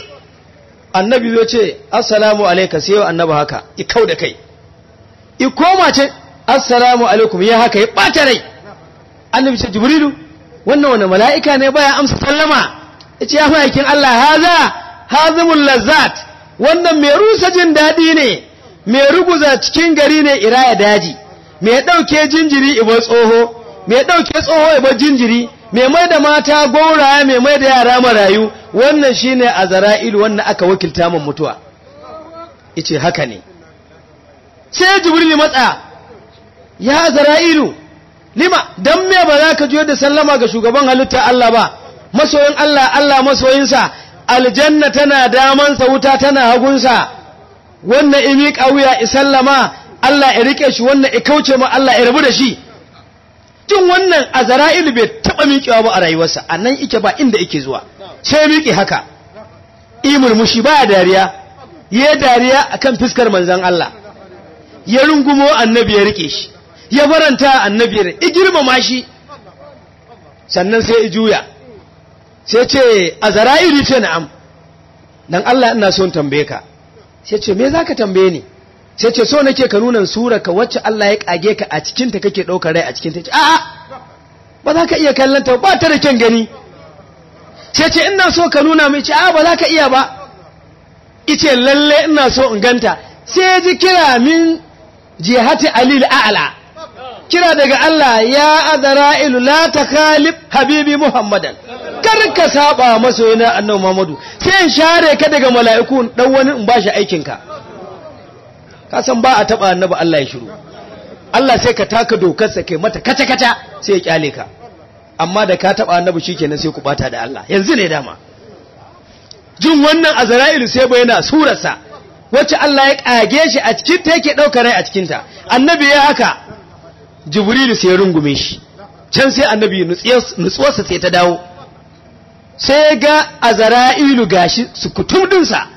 annabi ya ce assalamu alaika sai yau annaba haka ikau da kai i koma ce assalamu alaikum ya haka ya ɓata rai annabi ce jibrilu wannan wani mala'ika ne baya amsa sallama ya ce ya ma'aikin Allah haza hazimun lazzat wannan mai rusa jin daɗi ne mai ruguza cikin gari ne iraya daji mai ɗauke jinjiri ibo tsoho mai ɗauke tsoho ibo jinjiri mai mai da mata gauraya mai mai da yara marayu wannan shine a zara'ilu wannan aka wakilta mun mutuwa ice haka ne sai jibril ya matsa ya zara'ilu lima dan me ba za ka juyar da sallama ga shugaban halittar Allah ba masoyin Allah Allah masoyinsa aljanna tana damansa wuta tana hagunsa wannan imi kawuya isallama Allah ya rike shi wannan ya kauce ma Allah ya rabu da shi jin wannan a ilu bai taɓa miƙewa ba a rayuwarsa a nan ike ba inda ike zuwa sai miƙe haka imurmushi ba dariya ya dariya akan fiskar manzan Allah ya rungumo annabi ya rike shi ya faranta annabi ya girmama shi sannan sai i juya sai ce a zara'iri ce na'am dan Allah ina son tambaye ka sai ce me zaka tambaye ni sai ce so nake ka nuna sura ka wacce Allah ya kage ka a cikin ta kake daukar rai a cikin ta a'a ba za ka iya kallon ta ba ta da kyan gani sai ce ina so ka nuna mai ce a'a ba za ka iya ba ice lalle ina so in ganta sai ji kira min jihati alil a'la kira daga Allah ya Azra'il la takhalib habibi muhammadan kar ka saba masoyina annabi muhammadu sai in share ka daga mala'iku dan wani in bashi aikin ka ka san ba a taba annabi Allah ya shiru Allah sai ka taka dokar sa kai mata kaca kaca sai ya kyale ka amma da ka taba annabi shikenan sai ku bata da Allah yanzu ne dama jin wannan Azra'il sai bayyana surarsa wacce Allah ya kage shi a cikin ta yake ɗaukar rai a cikin ta annabi ya haka jibrilu sai ya rungume shi can sai annabi nutsuwarsa sai ta dawo sai ga azara'ilu gashi su kutum dinsa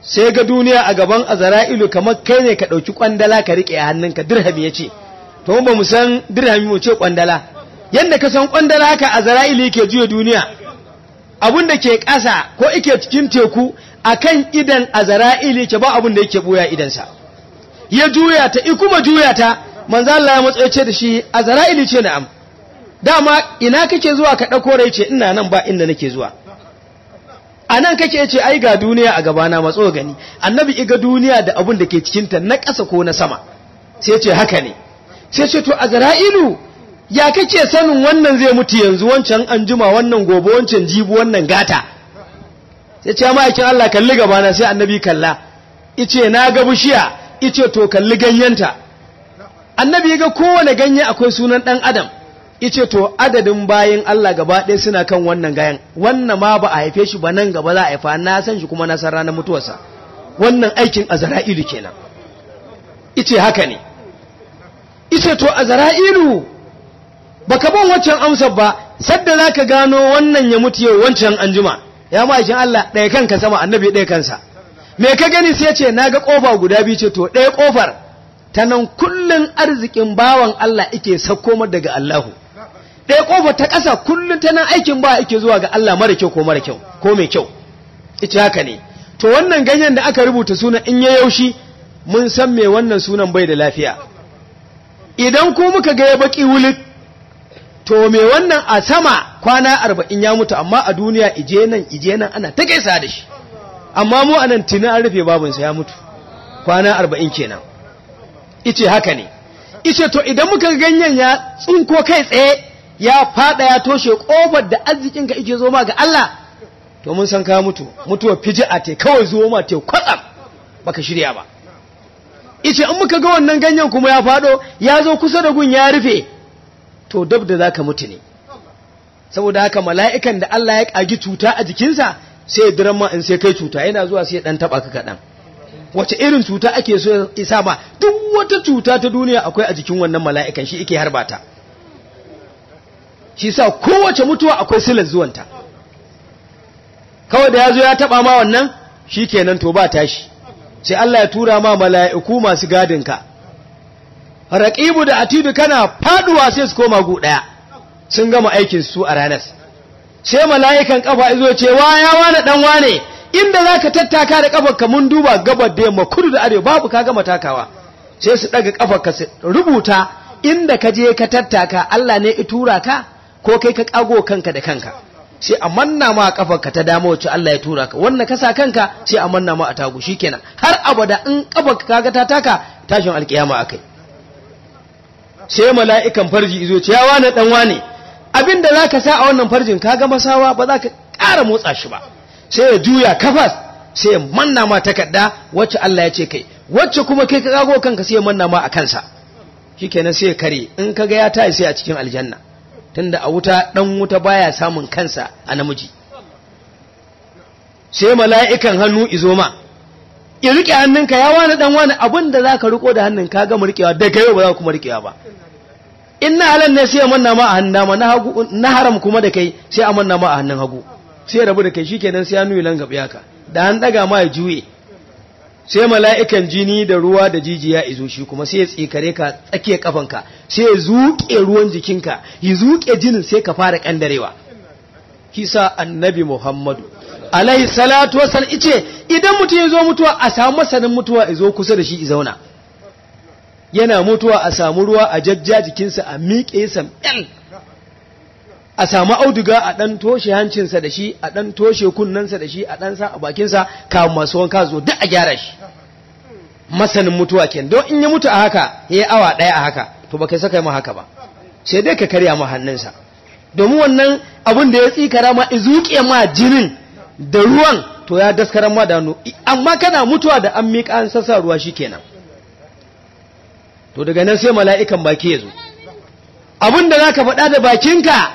sai ga duniya a gaban azara'ilu kamar kai ne ka ɗauki kwandala ka riƙe a hannunka dirhami ya ce to ba mu san dirhami mu ce ƙwandala yadda ka san ƙwandala haka azara'ilu yake juya duniya abin da ke ƙasa ko ike cikin teku akan idan azra'ili ke ba abin da yake boya idansa ya juya ta ikuma juya ta manzo Allah ya matsaye ce da shi azra'ili ce na'am dama ina kake zuwa ka dauko rai ce ina nan ba inda nake zuwa anan kake ce ai ga duniya a gabana matso gani annabi iga duniya da abun da ke cikin ta na ƙasa ko na sama sai ce haka ne sai ce to azra'ilu ya kake sanin wannan zai mutu yanzu wancan anjima wannan gobe wancan jibu wannan gata ya ce ma'aikin Allah kalli gaba na sai annabi kalla ice na ga bishiya ice to kalli ganyenta annabi ga kowane ganye akwai sunan dan adam ice to adadin bayin Allah gaba ɗaya suna kan wannan gayan wannan ma ba a haife shi ba nan gaba za a haifa na san shi kuma na san ranar mutuwarsa wannan aikin azra'ilu kenan ice haka ne ice to azra'ilu baka ban wancan amsar ba sadda zaka gano wannan ya mutu yau wancan anjima ya ma'aikin Allah ɗaya kanka sama annabi ɗaya kansa me ka gani sai ce na ga ƙofa guda biyu ce to ɗaya ƙofar ta nan kullum arzikin bawan Allah ike sakkomar daga Allahu ɗaya ƙofa ta ƙasa kullum ta nan aikin ba ike zuwa ga Allah mara kyau ko mara kyau ko mai kyau ita haka ne to wannan ganyen da aka rubuta sunan in ya yaushi mun san me wannan sunan bai da lafiya idan ko muka ga ya baki wulit to me wannan a sama kwana arba'in ya mutu amma a duniya ije nan ije nan ana ta gaisa da shi amma mu anan tuni an rufe babansa ya mutu kwana arba'in kenan ice haka ne ice to idan muka ganyen ya tsinko kai tsaye ya fada ya toshe kofar da arzikinka ike zo ma ga Allah to mun san ka mutu mutuwa fiji'a te kawai zoma ma te kwatsam baka shirya ba ice in muka ga wannan ganyen kuma ya fado ya zo kusa da gun ya rufe to dab da zaka mutu ne saboda haka mala'ikan da Allah ya kagi cuta a jikinsa sai durama ma in sai kai cuta yana zuwa sai dan taɓa ka kadan wace irin cuta ake so isa ba duk wata cuta ta duniya akwai a jikin wannan mala'ikan shi harba harbata shi sa kowace mutuwa akwai silar zuwanta kawai da ya zo ya taɓa ma wannan shi kenan to ba tashi sai Allah ya tura ma mala'iku masu gadinka raƙibu da atidu kana faɗuwa sai su koma gu ɗaya sun gama aikin su a ranar sai mala'ikan kafa izo ce wa ya wane ɗan wane inda za ka tattaka da ƙafarka mun duba gabar da yamma kudu da arewa babu ka gama takawa sai su ɗaga ƙafarka su rubuta inda ka je ka tattaka Allah ne i tura ka ko kai ka ƙago kanka da kanka sai a manna ma kafarka ta dama wacce Allah ya tura ka wannan ka sa kanka sai a manna ma a tagu shikenan har abada in ka kaga ta taka tashin alkiyama akai sai mala'ikan farji izo ce ya wane dan wane abinda zaka sa a wannan farjin kaga masawa ba za ka ƙara motsa shi ba sai ya juya kafas sai ya manna ma takarda wacce Allah ya ce kai wacce kuma kai ka kago kanka sai ya manna ma a kansa shikenan sai ya kare in ka ga ya tayi sai a cikin aljanna tunda a wuta dan wuta baya samun kansa a namiji sai mala'ikan hannu izo ma ya rike hannunka ya wani dan wani abin da za ka riko da hannun ka gama rikewa daga yau ba za kuma murkewa ba in na ne sai amanna ma a hannun dama na haram kuma da kai sai a manna ma a hannun hagu sai rabu da kai shikenan sai ya nuyi lan gabe ka da an daga ma ya juye sai mala'ikan jini da ruwa da jijiya izo shi kuma sai ya tsikare ka tsakiyar kafanka sai ya zuke ruwan jikinka ya zuke jinin sai ka fara kandarewa kisa annabi muhammadu alaihi salatu wasan ice idan mutum ya zo mutuwa a samu masanin mutuwa ya zo kusa da shi ya zauna yana mutuwa a samu ruwa a jajja jikinsa a miƙe sam'il a samu auduga a ɗan toshe hancinsa da shi a ɗan toshe kunnensa da shi a ɗan sa a bakinsa kawo masu wanka zo duk a gyara shi masanin mutuwa ken don in ya mutu a haka ya yi awa ɗaya a haka to ba kai saka ma haka ba sai dai ka karya ma hannunsa domin wannan abin da ya tsikara ma izuƙe ma jinin da ruwan to ya daskaran ma da hannu amma kana mutuwa da an miƙa an sassa ruwa shi kenan to daga nan sai mala'ikan baki ya zo abin da za ka faɗa da bakinka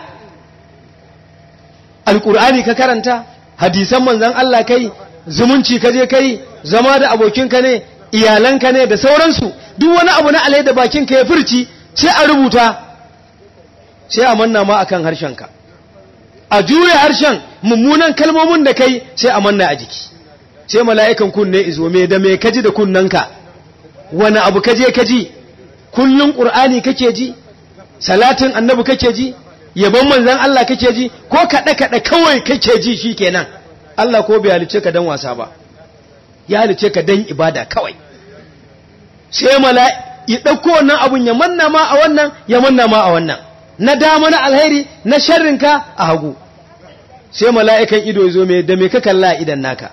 alƙur'ani ka karanta hadisan manzan Allah kai zumunci ka je kai zama da abokinka ne iyalanka ne da sauransu duk wani abu na alai da bakinka ya furci sai a rubuta sai a manna ma akan harshenka a jure harshen mummunan kalmomin da kai sai a manna a jiki sai mala'ikan kunne izo me da me kaji da kunnanka wani abu kaje kaji kullun qur'ani kake ji salatin annabi kake ji yabon manzon Allah kake ji ko kada kada kawai kake ji shikenan Allah ko bai halice ka dan wasa ba ya halice ka dan ibada kawai sai mala'i ya dauko wannan abun ya manna ma a wannan ya manna ma a wannan na dama na alheri na sharrinka a hagu sai mala'ikan ido zo mai da mai ka kalla idan naka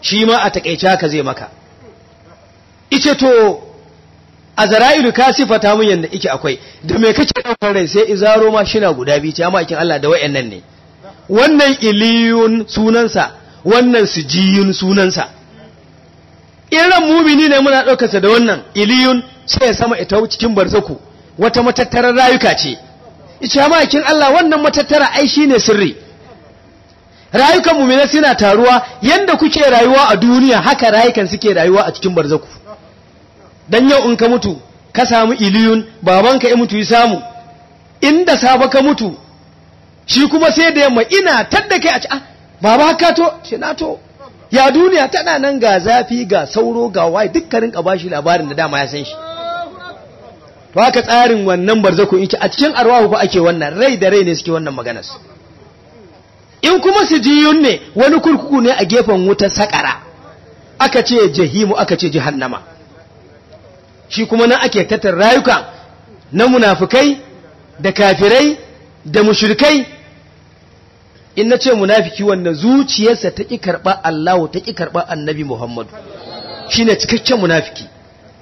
shi ma a takaice haka zai maka ice to a zara'ilu ka sifata mun yadda ike akwai da mai kace ɗaukar rai sai izaro ma shina guda biyu ta makin Allah da wayan nan ne wannan iliyun sunansa wannan sijiyun sunansa irin mumini ne muna ɗaukarsa da wannan iliyun sai ya sama ita cikin barzaku wata matattarar rayuka ce ma ma'aikin Allah wannan matattara ai shine sirri rayukan mu mu'mina suna taruwa yanda kuke rayuwa a duniya haka rayukan suke rayuwa a cikin barzaku dan yau in ka mutu ka samu iliyun babanka ya mutu ya samu inda saba ka mutu shi kuma sai da yamma ina tadda kai a ci ah, baba ka to ce na to ya duniya tana nan ga zafi ga sauro ga waye dukkanin ka bashi labarin da dama ya san shi to haka tsarin wannan barzakun yake a cikin arwahu ba ake wannan rai da rai ne suke wannan maganar in kuma sijiyun ne wani kurkuku ne a gefen wuta sakara aka ce jahimu aka ce jahannama shi kuma nan ake tattar rayuka na munafikai da kafirai da mushrikai in na ce munafiki wanda zuciyarsa ta ƙi karɓa Allahu ta ƙi karɓa annabi Muhammadu shi ne cikakken munafiki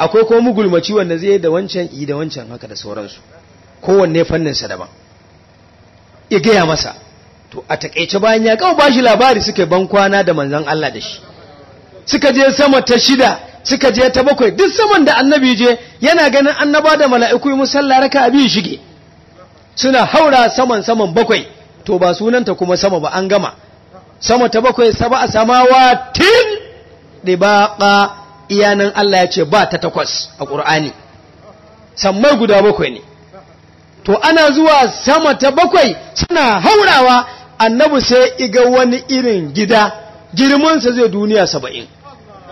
akwai ko mugulmaci wanda zai da wancan yi da wancan haka da sauransu kowanne fanninsa daban ya gaya masa to a takaice bayan ya kawo bashi labari suka ban kwana da manzan Allah da shi suka je sama ta shida suka je ta bakwai duk saman da annabi je yana ganin annaba da mala'iku yi musalla raka shige suna haura saman saman bakwai to ba sunanta kuma sama ba an gama sama ta bakwai saba a samawa tin ɗibaƙa iyanan Allah ya ce ba ta takwas a ƙur'ani sammai guda bakwai ne to ana zuwa sama ta bakwai suna haurawa annabi sai iga wani irin gida girmansa zai duniya saba'in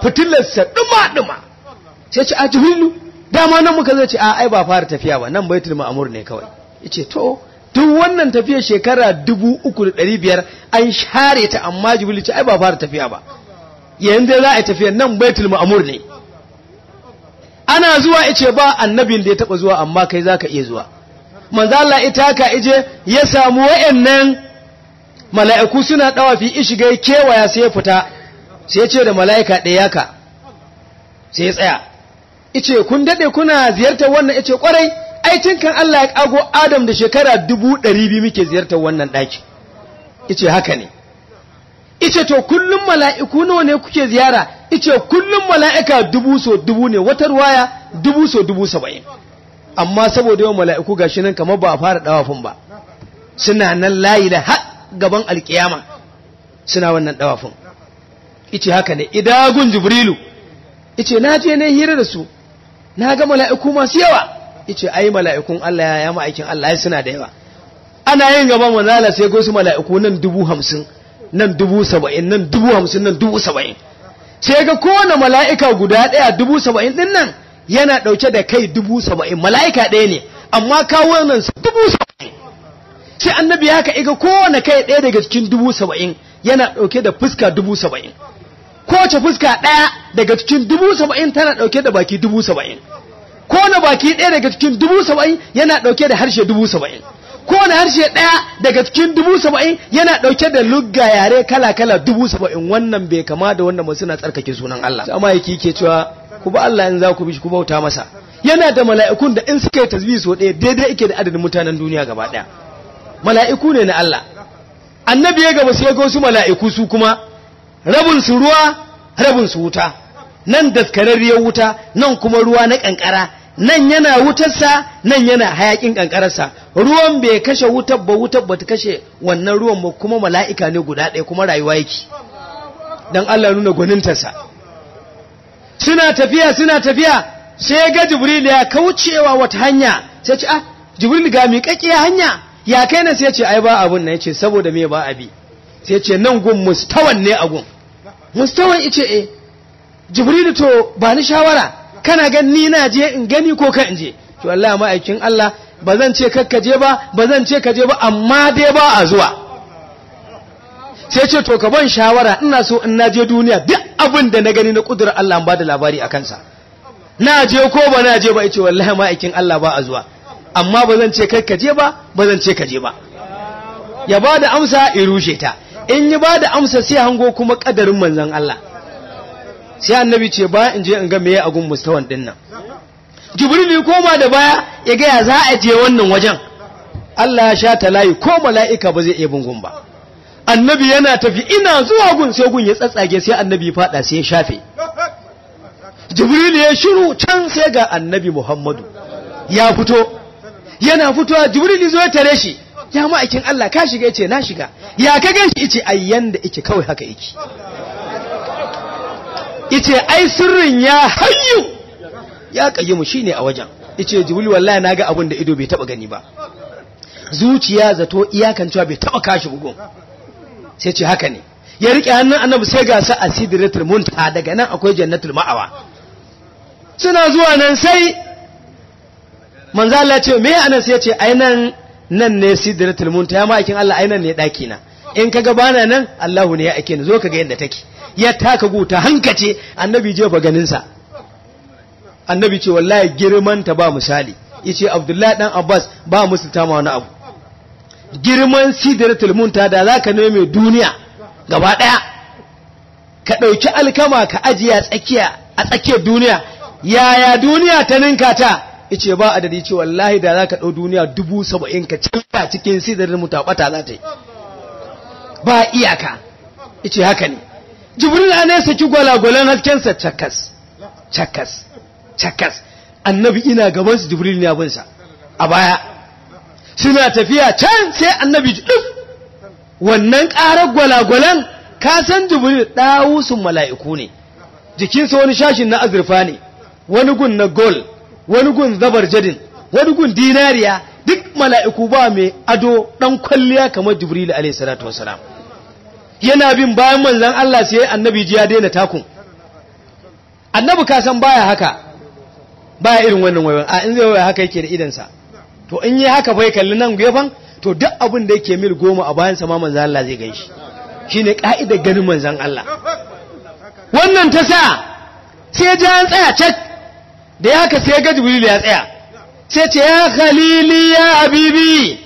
fitilarsa ɗuma-ɗuma sai ce a jihillu dama nan muka zai ce a ai ba fara tafiya ba nan baitul ma'amur ne kawai I ce to duk wannan tafiyar shekara dubu uku da ɗari biyar an share ta amma jibili ce ai ba fara tafiya ba yayin za a tafiya nan baitul mamur ne ana zuwa ice ba annabin da ya taba zuwa amma kai zaka iya zuwa manzo Allah ita ka ije ya samu wayannan mala'iku suna dawafi ishigai kewaya sai ya fita sai ya ce da mala'ika ɗaya ka sai ya tsaya ice kun dade kuna ziyartar wannan ice kwarai ai kan Allah ya kago Adam da shekara 200 muke ziyartar wannan daki ice haka ne ice to kullum mala'iku nawa ne kuke ziyara ice kullum mala'ika dubu so dubu ne wata ruwaya dubu so dubu saba'in amma saboda yawan mala'iku gashi nan kamar ba a fara dawafin ba suna nan layi da ha gaban alkiyama suna wannan dawafin ice haka ne idagun jibrilu ice na je ne hira da su na ga mala'iku masu yawa ice ai mala'ikun Allah ya ma'aikin Allah ya suna da yawa ana yin gaban manzala sai gosu mala'iku nan dubu hamsin nan dubu saba'in nan dubu hamsin nan dubu saba'in sai ga kowane mala'ika guda ɗaya dubu saba'in ɗin nan yana ɗauke da kai dubu saba'in mala'ika ɗaya ne amma kawo nan dubu saba'in sai annabi ya ka iga kowane kai ɗaya daga cikin dubu saba'in yana ɗauke da fuska dubu saba'in kowace fuska ɗaya daga cikin dubu saba'in tana ɗauke da baki dubu saba'in kowane baki ɗaya daga cikin dubu saba'in yana ɗauke da harshe dubu saba'in kowane harshe ɗaya daga cikin dubu saba'in yana ɗauke da lugga yare kala-kala dubu saba'in wannan bai kama da wannan masu na tsarkake sunan Allah amma yake ke cewa ku ba Allah in za ku bi shi ku bauta masa yana da mala'ikun da in suka yi tasbi so ɗaya daidai yake da adadin mutanen duniya gaba ɗaya mala'iku ne na Allah annabi ya gaba sai ga wasu mala'iku su kuma rabin su ruwa rabin su wuta nan daskararriyar wuta nan kuma ruwa na ƙanƙara. nan yana wutarsa nan yana hayakin kankararsa ruwan bai kashe wutar ba wutar ba ta kashe wannan ruwan ba kuma mala'ika ne guda ɗaya kuma rayuwa yake don Allah nuna gwanintarsa suna tafiya suna tafiya sai ga jibril ya kaucewa wata hanya sai ce ah jibril ga miƙaƙƙiya hanya ya kai nan sai ce ai ba abun nan yace saboda me ba abi sai ce nan gun mustawan ne a gun mustawan ce eh jibril to ba ni shawara kana gan ni na je in gani ko ka in je to wallahi ma'aikin Allah ba zan ce kakka je ba ba zan ce ka je ba amma dai ba a zuwa sai ce to ka ban shawara ina so in naje duniya duk abin da na gani na kudurar Allah ba da labari a kansa na je ko ba na je ba ya ce wallahi ma'aikin Allah ba a zuwa amma ba zan ce kakka je ba ba zan ce ka je ba ya ba da amsa ya rushe ta in yi ba da amsa sai hango kuma kadarin manzon Allah sai annabi ce ba in je in ga meye gun mustawan din nan jibril ya koma da baya ya ga ya za a je wannan wajen Allah ya sha ta layi ko mala'ika ba zai iya bungun ba annabi yana tafi ina zuwa gun sai gun ya tsatsage sai annabi ya fada sai ya shafe jibril ya shiru can sai ga annabi muhammadu ya fito yana fitowa jibril zo ya tare shi ya ma'aikin Allah ka shiga yace na shiga ya ka ganshi yace ayyan da yake kawai haka yake yace ai sirrin ya hayyu ya shi shine a wajen yace jibril wallahi naga abun da ido bai taba gani ba zuciya zato iyakancewa bai taba kashi bugun sai ce haka ne ya rike hannun annabi sai ga sa asidratul muntaha daga nan akwai jannatul ma'awa suna zuwa nan sai manzo Allah ce me anan sai ce ai nan nan ne sidratul muntaha ma akin Allah ai nan ne daki na in kaga bana nan Allahu ne ya ake ni zo kaga yadda take ya taka guta hankace annabi jefa ganinsa annabi ce wallahi ta ba misali yace abdullahi dan abbas ba musulta ma wani abu girman sidratul munta da zaka neme duniya gaba daya ka dauki alkama ka ajiya tsakiya a tsakiyar duniya yaya duniya ta ninka ta yace ba adadi ce wallahi da zaka dau duniya saba'in ka canka cikin sidratul munta bata za ta yi ba iyaka yace haka ne jibril ana ya saki gwalagwalan haskensa cakas cakas cakas annabi ina gaban su jibril ne abinsa a baya suna tafiya can sai annabi duk wannan ƙarar gwalagwalan ka san jibril su mala'iku ne jikinsa wani shashin na azurfa ne wani gun na gol wani gun zabar jadin wani gun dinariya duk mala'iku ba mai ado ɗan kwalliya kamar jibril alaihi salatu wasalam yana bin bayan manzan Allah sai annabi ji ya daina takun annabi ka san baya haka baya irin wannan wayoyin a in zai waya haka yake da idansa to in yi haka bai kalli nan gefan to duk abin da yake mil goma a bayan sama manzan Allah zai gan shi shine ka'idar ganin manzan Allah wannan ta sa sai ja tsaya cak da ya haka sai ga jibril ya tsaya sai ce ya khalili ya habibi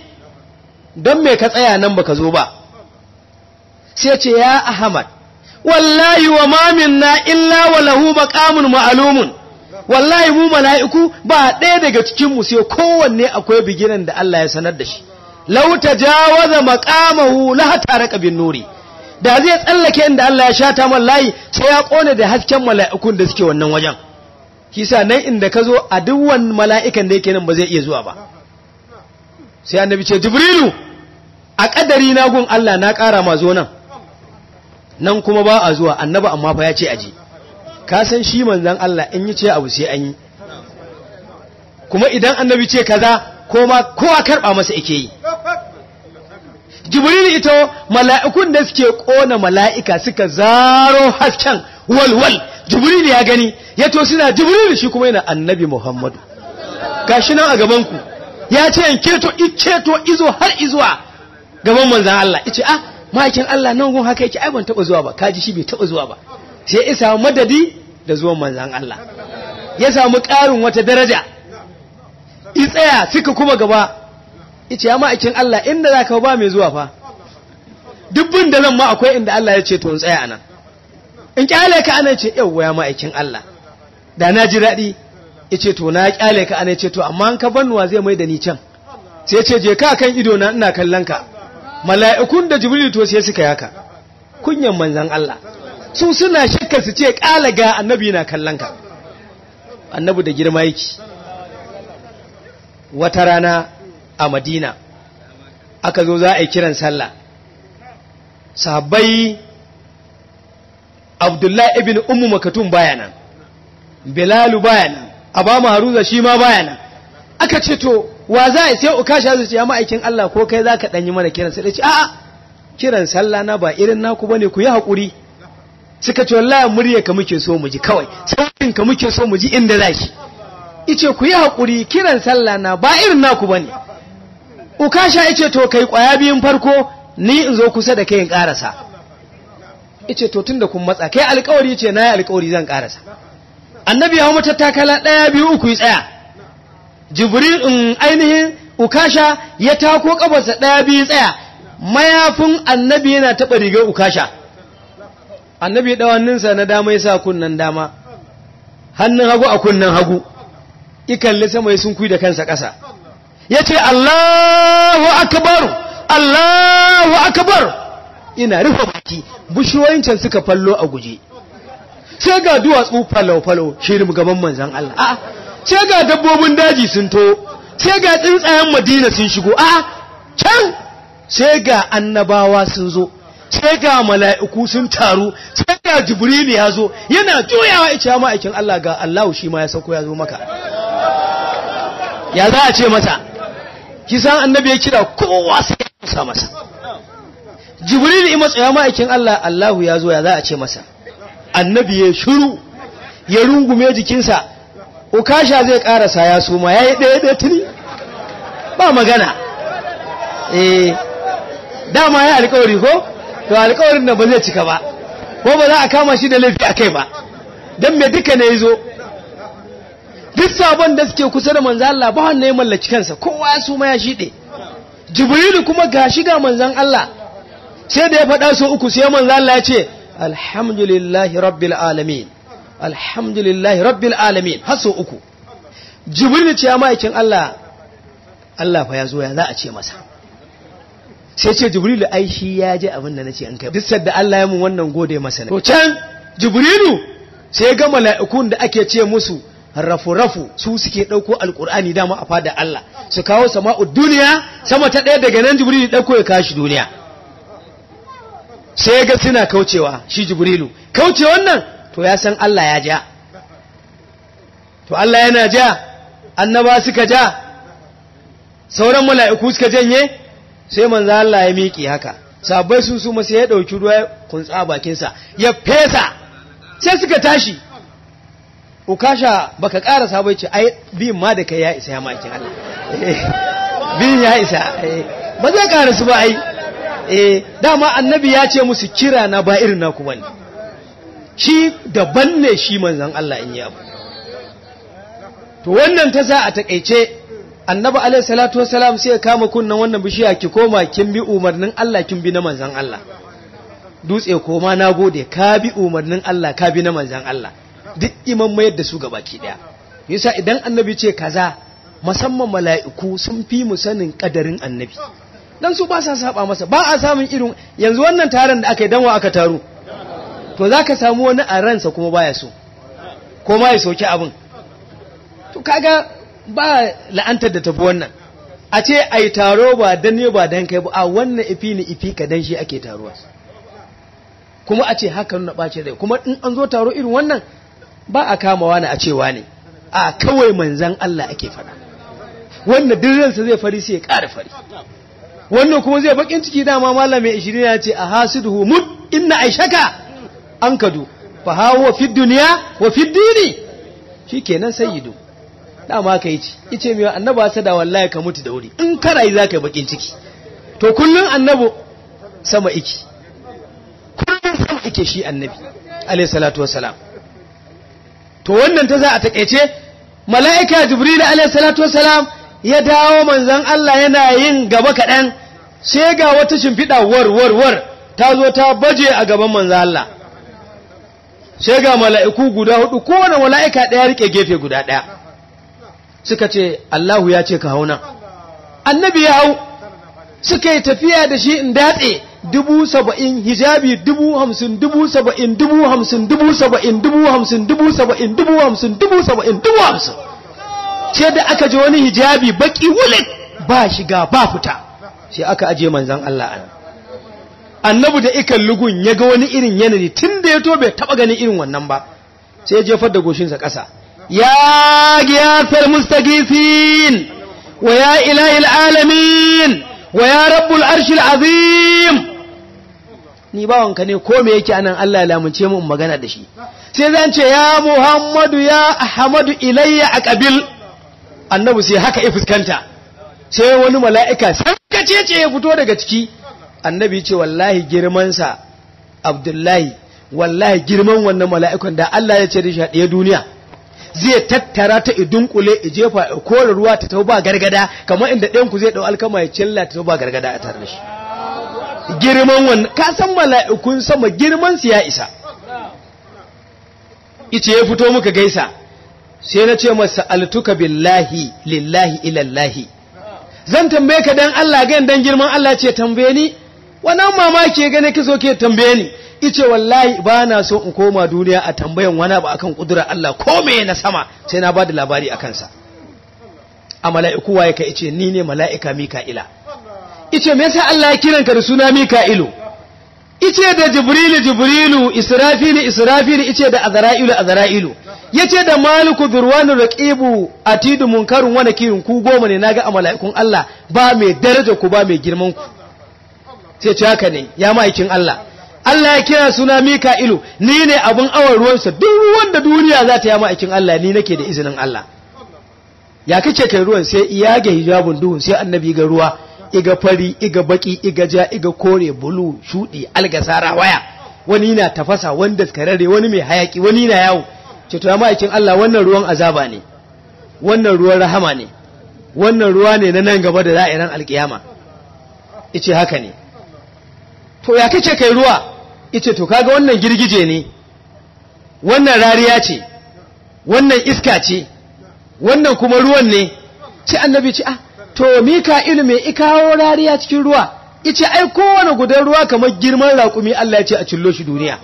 don me ka tsaya nan baka zo ba sai ce ya ahmad wallahi wa ma minna illa wa lahu maqamun ma'lumun wallahi mu mala'iku ba ɗaya daga cikin mu sai kowanne akwai biginan da Allah ya sanar da shi law tajawaza maqamahu la hataraka bin nuri da zai tsallake inda Allah ya shata man layi sai ya kone da hasken mala'ikun da suke wannan wajen kisa nan inda ka zo a duk wani mala'ikan da yake nan ba zai iya zuwa ba sai annabi ce jibrilu a kadari na gun Allah na kara ma zo nan nan kuma ba a zuwa annaba amma fa ya ce aje ka san shi manzan Allah in yi ce abu sai an yi kuma idan annabi ce kaza ko a karba masa yake yi jibril ito mala'ikun da suke kona mala'ika suka zaro hasken walwal jibril ya gani ya to suna jibril shi kuma yana annabi muhammadu gashi nan a gabanku ku ya ce in keto izo har izuwa gaban manzan Allah ice ah ma'aikin Allah nan gun haka yake ai ban taba zuwa ba kaji shi bai taba zuwa ba sai ya madadi da zuwan manzan Allah ya samu karin wata daraja i tsaya suka kuma gaba yace ya ma'aikin Allah inda zaka ba mai zuwa fa dubbin da nan ma akwai inda Allah ya ce to in tsaya anan in kyale ka anan ce yau ya ma'aikin Allah da na ji daɗi yace to na kyale ka anan ce to amma an ka bannuwa zai mai da ni can sai ce je ka kan ido na ina kallon ka mala'ikun da jibril to sai suka yaka kunyan manzan Allah su suna shakka su ce ƙala ga annabi na kallon ka annabi da girma yake wata rana a madina aka zo za a yi kiran sallah sabai abdullahi ibn ummu makatun bayanan bilalu bayanan abama haruza shi ma bayanan aka ce to wa za a sai uka shi ce ya ma'aikin Allah ko kai za ka ɗanyi mana kiran sai ce a'a kiran sallah na ba irin naku bane ku yi haƙuri suka ce wallahi murya ka muke so mu ji kawai sautin ka muke so mu ji inda za shi ice ku yi haƙuri kiran sallah na ba irin naku bane ukasha sha ice to kai ƙwaya biyun farko ni in zo kusa da kai in ƙarasa ice to tunda kun matsa kai alƙawari ce na yi alƙawari zan ƙarasa annabi ya hau matattakala ɗaya biyu uku yi tsaya jibril in ainihin ukasha ya tako kafarsa ɗaya biyu tsaya mayafin annabi yana taɓa rigar ukasha annabi ɗawanninsa na dama ya sa kunnan dama hannun hagu a kunnan hagu ikalli sama ya sun da kansa ƙasa ya ce allahu akabaru allahu akabar ina rufe baki bushiyoyin can suka fallo a guje sai ga duwatsu falau-falau shirin gaban manzan Allah ce ga dabbobin daji sun to ce ga tsuntsayen madina sun shigo a can ce ga annabawa sun zo ce ga mala'iku sun taru ce ga jibrili ya zo yana juyawa ice ma aikin Allah ga Allah shi ma ya sauko ya zo maka ya za a ce masa kisan annabi ya kira kowa sai ya musa masa ya ima tsaya ma'aikin Allah Allah ya zo ya za a ce masa annabi ya shiru ya rungume jikinsa ukasha zai karasa ya suma ya yi ɗaya ɗaya tuni ba magana eh dama ya alkawari ko to alkawarin da ba zai cika ba ko ba za a kama shi da laifi a kai ba don me duka ne ya zo duk sabon da suke kusa da manzan Allah ba wannan ya mallaki kansa kowa ya suma ya shiɗe jibrilu kuma ga shi ga manzan Allah sai da ya faɗa so uku sai manzan Allah ya ce alhamdulillahi rabbil alamin alhamdulillahi rabbil alamin haso uku jibril ce ya ma'aikin Allah Allah fa ya zo ya za a ce masa sai ce jibrilu ai shi ya ji abin da nace an kai duk sadda Allah ya mun wannan gode masa to can jibrilu sai ga mala'ikun da ake ce musu rafu-rafu su suke ɗauko alƙur'ani dama a fada Allah su kawo sama'ud duniya sama ta ɗaya daga nan jibrilu ɗauko ya kashi duniya sai ga suna kaucewa shi jibrilu kauce wannan to ya san Allah ya ja to Allah yana ja annaba suka ja sauran mala'iku suka janye sai manzo Allah ya miki haka sabai sun su masu ya ɗauki ruwa kuntsa bakinsa ya fesa sai suka tashi ukasha baka ƙara sabai ce ai biyin ma da kai ya isa ya makin Allah biyin ya isa eh. ba zai ƙara su ba ai eh dama annabi ya ce musu kira na ba irin naku bane shi daban ne shi manzan Allah in yi abu to wannan ta za a takaice Annaba alaihi salatu wasalam sai ya kama kunnan wannan bishiya ki koma kin bi umarnin Allah kin bi na manzan Allah dutse koma na gode ka bi umarnin Allah ka bi na manzan Allah duk iman mayar da su ga baki daya yasa idan annabi ce kaza musamman mala'iku sun fi mu sanin kadarin annabi dan su ba sa saba masa ba a samun irin yanzu wannan taron da aka yi wa aka taro to za ka samu wani a ransa kuma baya so ko ma ya soke abin to kaga ba la'antar da tafi wannan a ce a yi taro ba dan ne ba dan kai ba a wannan ifi ne ifi ka don shi ake taruwa kuma a ce haka nuna ɓace rai kuma in an zo taro irin wannan ba a kamawa wani a cewa ne a kawai manzan Allah ake faɗa wannan duk ransa zai fari sai ya ƙara fari wannan kuma zai bakin ciki dama malami 20 ya ce a hasidu mud inna aishaka an kadu fa hawa fi duniya wa fi dini Shi kenan sayyidu dama ka yi ci ice mai annaba ta da wallahi ka mutu da wuri in karayi za ka yi bakin ciki to kullum annabo sama iki kullum sama ike shi annabi alayhi salatu wassalam to wannan ta za a takeice mala'ika jibril alayhi salatu wassalam ya dawo manzon Allah yana yin gaba kaɗan sai ga wata shimfiɗa war war war ta zo ta baje a gaban manzon Allah sai ga mala'iku guda hudu kowane mala'ika ɗaya rike gefe guda ɗaya suka ce Allahu ya ce ka hau nan annabi ya hau suka yi tafiya da shi in datse dubu saba'in hijabi dubu hamsin dubu saba'in dubu hamsin dubu saba'in dubu hamsin dubu saba'in dubu hamsin dubu saba'in dubu hamsin ce da aka ji wani hijabi baƙi wulin ba shiga ba fita sai aka aje manzan Allah an Annabu da ikan lugun ya ga wani irin yanayi tun da ya to bai taɓa ganin irin wannan ba sai ya jefar da goshinsa ƙasa ya giyasar mustagisin wa ya ilahil alamin wa ya rabbul arshil azim ni ba wanka ne ko me yake anan Allah ya lamunce mu magana da shi sai zan ce ya Muhammadu ya Ahmadu ilayya aqbil annabi sai haka ya fuskanta sai wani mala'ika sai ce ya fito daga ciki annabi ce wallahi girmansa abdullahi wallahi girman wannan mala'ikon da Allah ya ce da shi a duniya zai tattara ta idunkule jefa a kore ruwa ta tauba gargada kamar inda ɗanku zai ɗau alkama ya cilla ta tauba gargada a tare da shi girman wannan ka san mala'ikun sama girman su ya isa ice ya fito muka gaisa sai na ce masa altuka billahi lillahi ilallahi zan tambaye ka dan Allah ga dan girman Allah ce tambaye ni wannan mamaki ya gane ka zo ke tambaye ni ice wallahi ba na so in koma duniya a tambayan wani ba akan kudura Allah ko me na sama sai na ba labari a kansa a mala'iku waye ka ice ni ne mala'ika mika'ila ice me yasa Allah ya kiran ka da suna mika'ilu ice da jibrilu jibrilu israfilu israfilu ice da azra'ilu azra'ilu yace da maliku durwanu raqibu atidu munkarun wa nakirun ku goma ne naga a mala'ikun Allah ba mai daraja ku ba mai girman ku sai ce haka ne ya ma'aikin Allah Allah ya kira suna Mika'ilu ni ne abin awar ruwansa duk ruwan da duniya za ta ya ma'aikin Allah ni nake da izinin Allah ya kace kai ruwan sai iya ga hijabun duhun sai annabi ga ruwa iga fari iga baki iga ja iga kore bulu shudi algasara waya wani na tafasa wani daskararre wani mai hayaki wani na yawo ce to ma'aikin Allah wannan ruwan azaba ne wannan ruwan rahama ne wannan ruwa ne na nan gaba da za'iran alkiyama ice haka ne to ya kace kai ruwa ice to kaga wannan girgije ne wannan rariya ce wannan iska ce wannan kuma ruwan ne ci annabi ci ah to mika'il me ikawo rariya cikin ruwa ice ai kowane gudan ruwa kamar girman raƙumi Allah ya ce a cillo shi duniya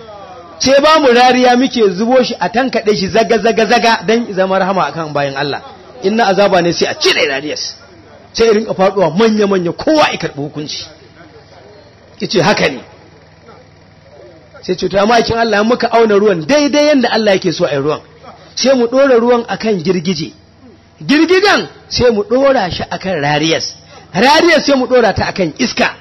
ce ba mu rariya muke zubo shi a tankaɗe shi zaga zaga zaga don zama rahama akan bayan Allah inna azaba ne sai a cire rariyas sai irin kafaduwa faɗuwa manya manya kowa ya karɓi hukunci ce haka ne sai ce ta ma'aikin Allah muka auna ruwan daidai yadda Allah yake so a yi ruwan sai mu ɗora ruwan akan girgije girgijen sai mu ɗora shi akan rariyas rariyas sai mu ɗora ta akan iska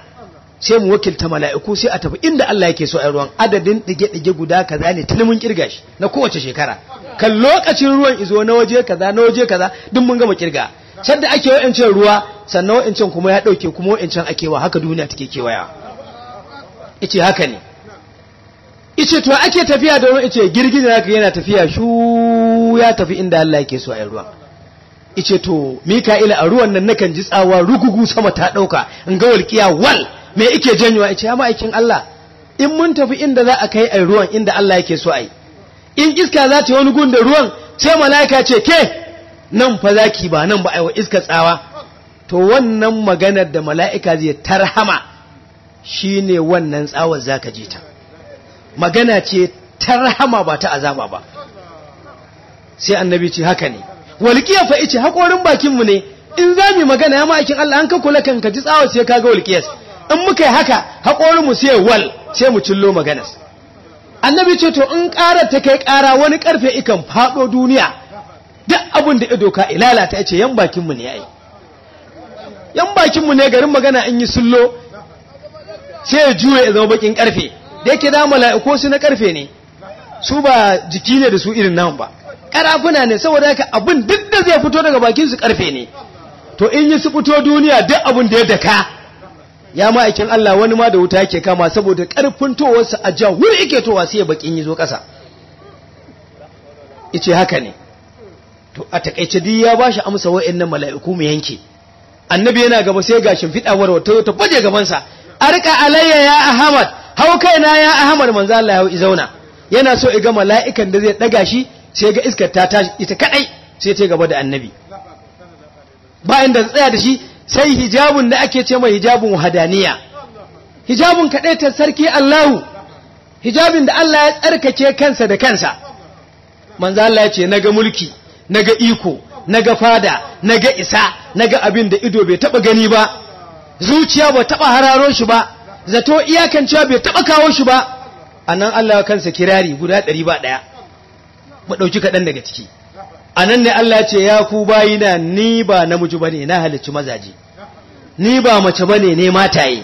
sai mu wakilta mala'iku sai a tafi inda Allah yake so a yi ruwan adadin ɗige-ɗige guda kaza ne tilimin kirga shi na kowace shekara kan lokacin ruwan izo na waje kaza na waje kaza duk mun gama kirga sadda ake wa'ancan ruwa sannan wa'ancan kuma ya ɗauke kuma wa'ancan wa haka duniya take kewaya ice haka ne ice to ake tafiya domin ice girgizar haka yana tafiya shu ya tafi inda Allah yake so a ruwa ice to mika'ila a ruwan nan nakan ji tsawa rugugu sama ta ɗauka in ga walƙiya wal me ike janyowa ice ya ma'aikin Allah in mun tafi inda za a kai a ruwan inda Allah yake so a in iska za ta yi wani gun da ruwan sai mala'ika ce ke nan fa zaki ba nan ba ai wa iska tsawa to wannan maganar da mala'ika zai tarhama Shi ne wannan tsawar zaka ji ta magana ce ta rahama ba ta azaba ba sai annabi ce haka ne walƙiya fa ice haƙorin bakinmu ne in za mu magana ya ma'aikin Allah an ka kula kan ka ji tsawa sai kaga ga walƙiyas in muka yi haka haƙorin mu sai wal sai mu cillo maganas annabi ce to in ƙara ta kai ƙara wani ƙarfe ikan faɗo duniya duk abin da ido ka ilalata ta ce yan bakinmu ne ai yan bakinmu ne garin magana in yi sullo sai ya juya ya zama bakin karfe da yake da mala'iku su na karfe ne su ba jiki ne da su irin nan ba karafuna ne saboda haka abin duk da zai fito daga bakin su karfe ne to in yi su fito duniya duk abin da ya daka ya ma'aikin Allah wani ma da wuta yake kama saboda karfin towarsa a ja wuri yake towa sai ya bakin yi zo kasa ice haka ne to a takaice duk ya bashi amsa wa'annan mala'iku mu yanke annabi yana gaba sai gashin fidawar warwata ta baje sa arka alayya ya ahmad hau kaina ya ahmad manzo Allah ya zauna yana so ya ga mala'ikan da zai daga shi sai ga iskar ta tashi ita kadai sai ta gaba da annabi bayan da tsaya da shi sai hijabun da ake ce mai hijabun hadaniya hijabun kadai ta sarki Allahu hijabin da Allah ya tsarkake kansa da kansa manzo Allah ya ce naga mulki naga iko naga fada naga isa naga abin da ido bai taba gani ba zuciya ba taɓa hararo shi ba zato iyakan cewa bai taɓa kawo shi ba a nan Allah kansa kirari guda ɗari ba ɗaya mu ɗauki kaɗan daga ciki a nan ne Allah ce ya ku bayina ni ba namiji ba ne na halicci mazaje ni ba mace ba ne ne mataye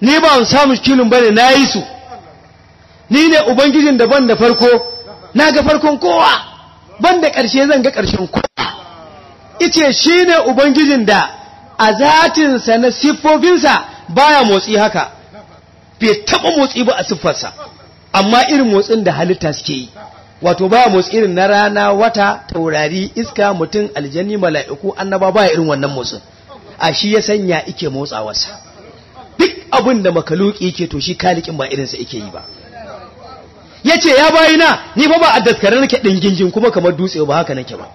ni ba in samu kilin ba na yi su ni ne ubangijin da ban da farko na ga farkon kowa ban da ƙarshe zan ga ƙarshen kowa ice shine ubangijin da a zatinsa na siffofinsa baya motsi haka bai taɓa motsi ba a siffarsa amma irin motsin da halitta suke yi wato baya motsi irin na rana wata taurari iska mutum aljanni mala'iku annaba baya irin wannan motsin a shi ya sanya ike motsawarsa duk abin da makaluki ke to shi kalikin ba irinsa ike yi ba ya ce ya bayina ni fa ba a ke ɗin gingin kuma kamar dutse ba haka nake ba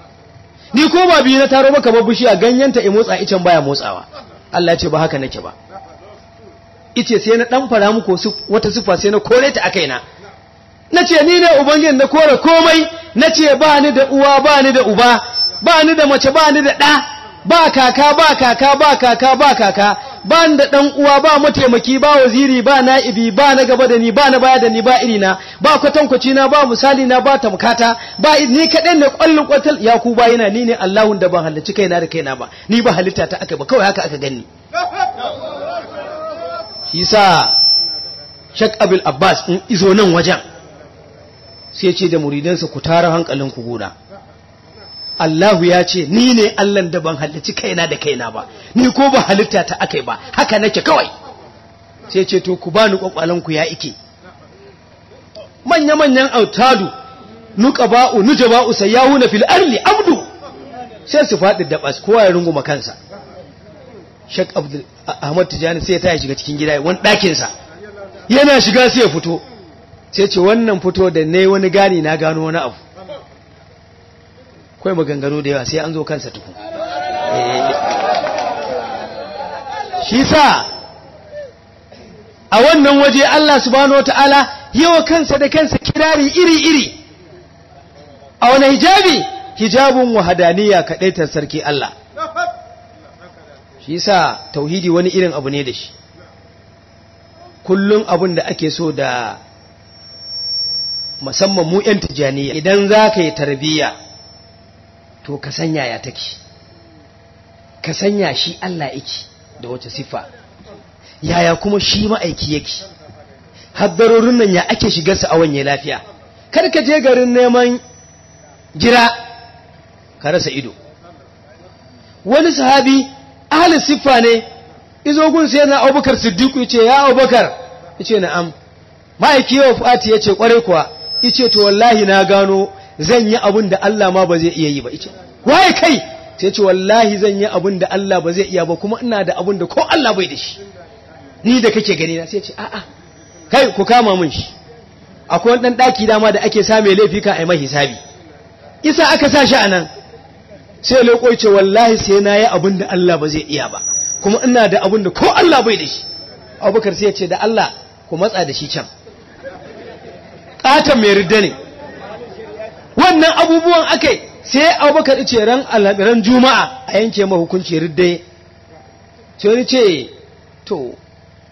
ni ko ba biyu na taro maka shi a ta ya motsa icen baya motsawa Allah ya ce ba haka nake ba ice sai na dan fara muku wata sifa sai na kore ta a Na nace ni ne ubangijin na kore komai nace ba ni da uwa ba ni da uba ba ni da mace ba ni da ɗa ba kaka ba kaka ba kaka ba kaka ba da dan uwa ba mataimaki ba waziri ba na'ibi ba na gaba da ni ba na baya da ni ba iri na ba kwatankwaci na ba misali na ba tamkata ba ni kadan da ƙwallon ƙwatal ya ku ba yana ni ne Allahun da ban halarci kaina da kaina ba ni ba halitta ta aka ba kawai haka aka gani shi sa Shak Abil Abbas in izo nan wajen sai ce da muridansa ku tara hankalin ku goda Allahu ya ce ni ne Allahn da ban halicci kaina da kaina ba ni ko ba halitta ta akai ba haka nake kawai sai ce to ku bani kwakwalan ku ya ike manya manyan autadu sai nujaba'u sayyahuna fil arli abdu sai su faɗi da bas kowa ya runguma kansa Sheikh Abdul Ahmad Tijani sai ta shiga cikin gida wani dakin sa yana shiga sai ya fito sai ce wannan fito da ne wani gani na gano wani abu akwai maganganu da yawa sai an zo kansa tuku eh. shi sa a wannan waje Allah subhanahu wataala yawa kansa da kansa kirari iri-iri a wani hijabi hijabun wahadaniya kadaitar sarki Allah shi sa tauhidi wani irin abu ne da shi kullum abun da ake so da musamman mu 'yan tijjaniya idan za ka yi tarbiyya to ka sanya ya take ka sanya shi Allah yake da wace sifa yaya kuma shi ma'aiki yake haddarorin nan ya ake shigar sa a wanye lafiya kar ka je garin neman jira ka rasa ido wani sahabi ahli siffa ne izo sai na Abubakar siddiqu yace ya Abubakar yace na'am ma'aiki wa Fati yace kware kuwa yace to wallahi na gano zan yi abin da Allah ma ba zai iya yi ba ice waye kai sai ce wallahi zan yi abin da Allah ba zai iya ba kuma ina da abin da ko Allah bai da shi ni da kake gani na sai ce a'a kai ku kama mun shi akwai wani dan daki dama da ake same laifi ka ai mai hisabi isa aka sa shi anan sai loko ce wallahi sai na yi abin da Allah ba zai iya ba kuma ina da abin da ko Allah bai da shi Abubakar sai ya ce da Allah ku matsa da shi can ƙaton mai ridda ne wannan abubuwan akai sai abubakar ce ran alhabiran juma'a a yanke ma hukunci riddai sai wani ce to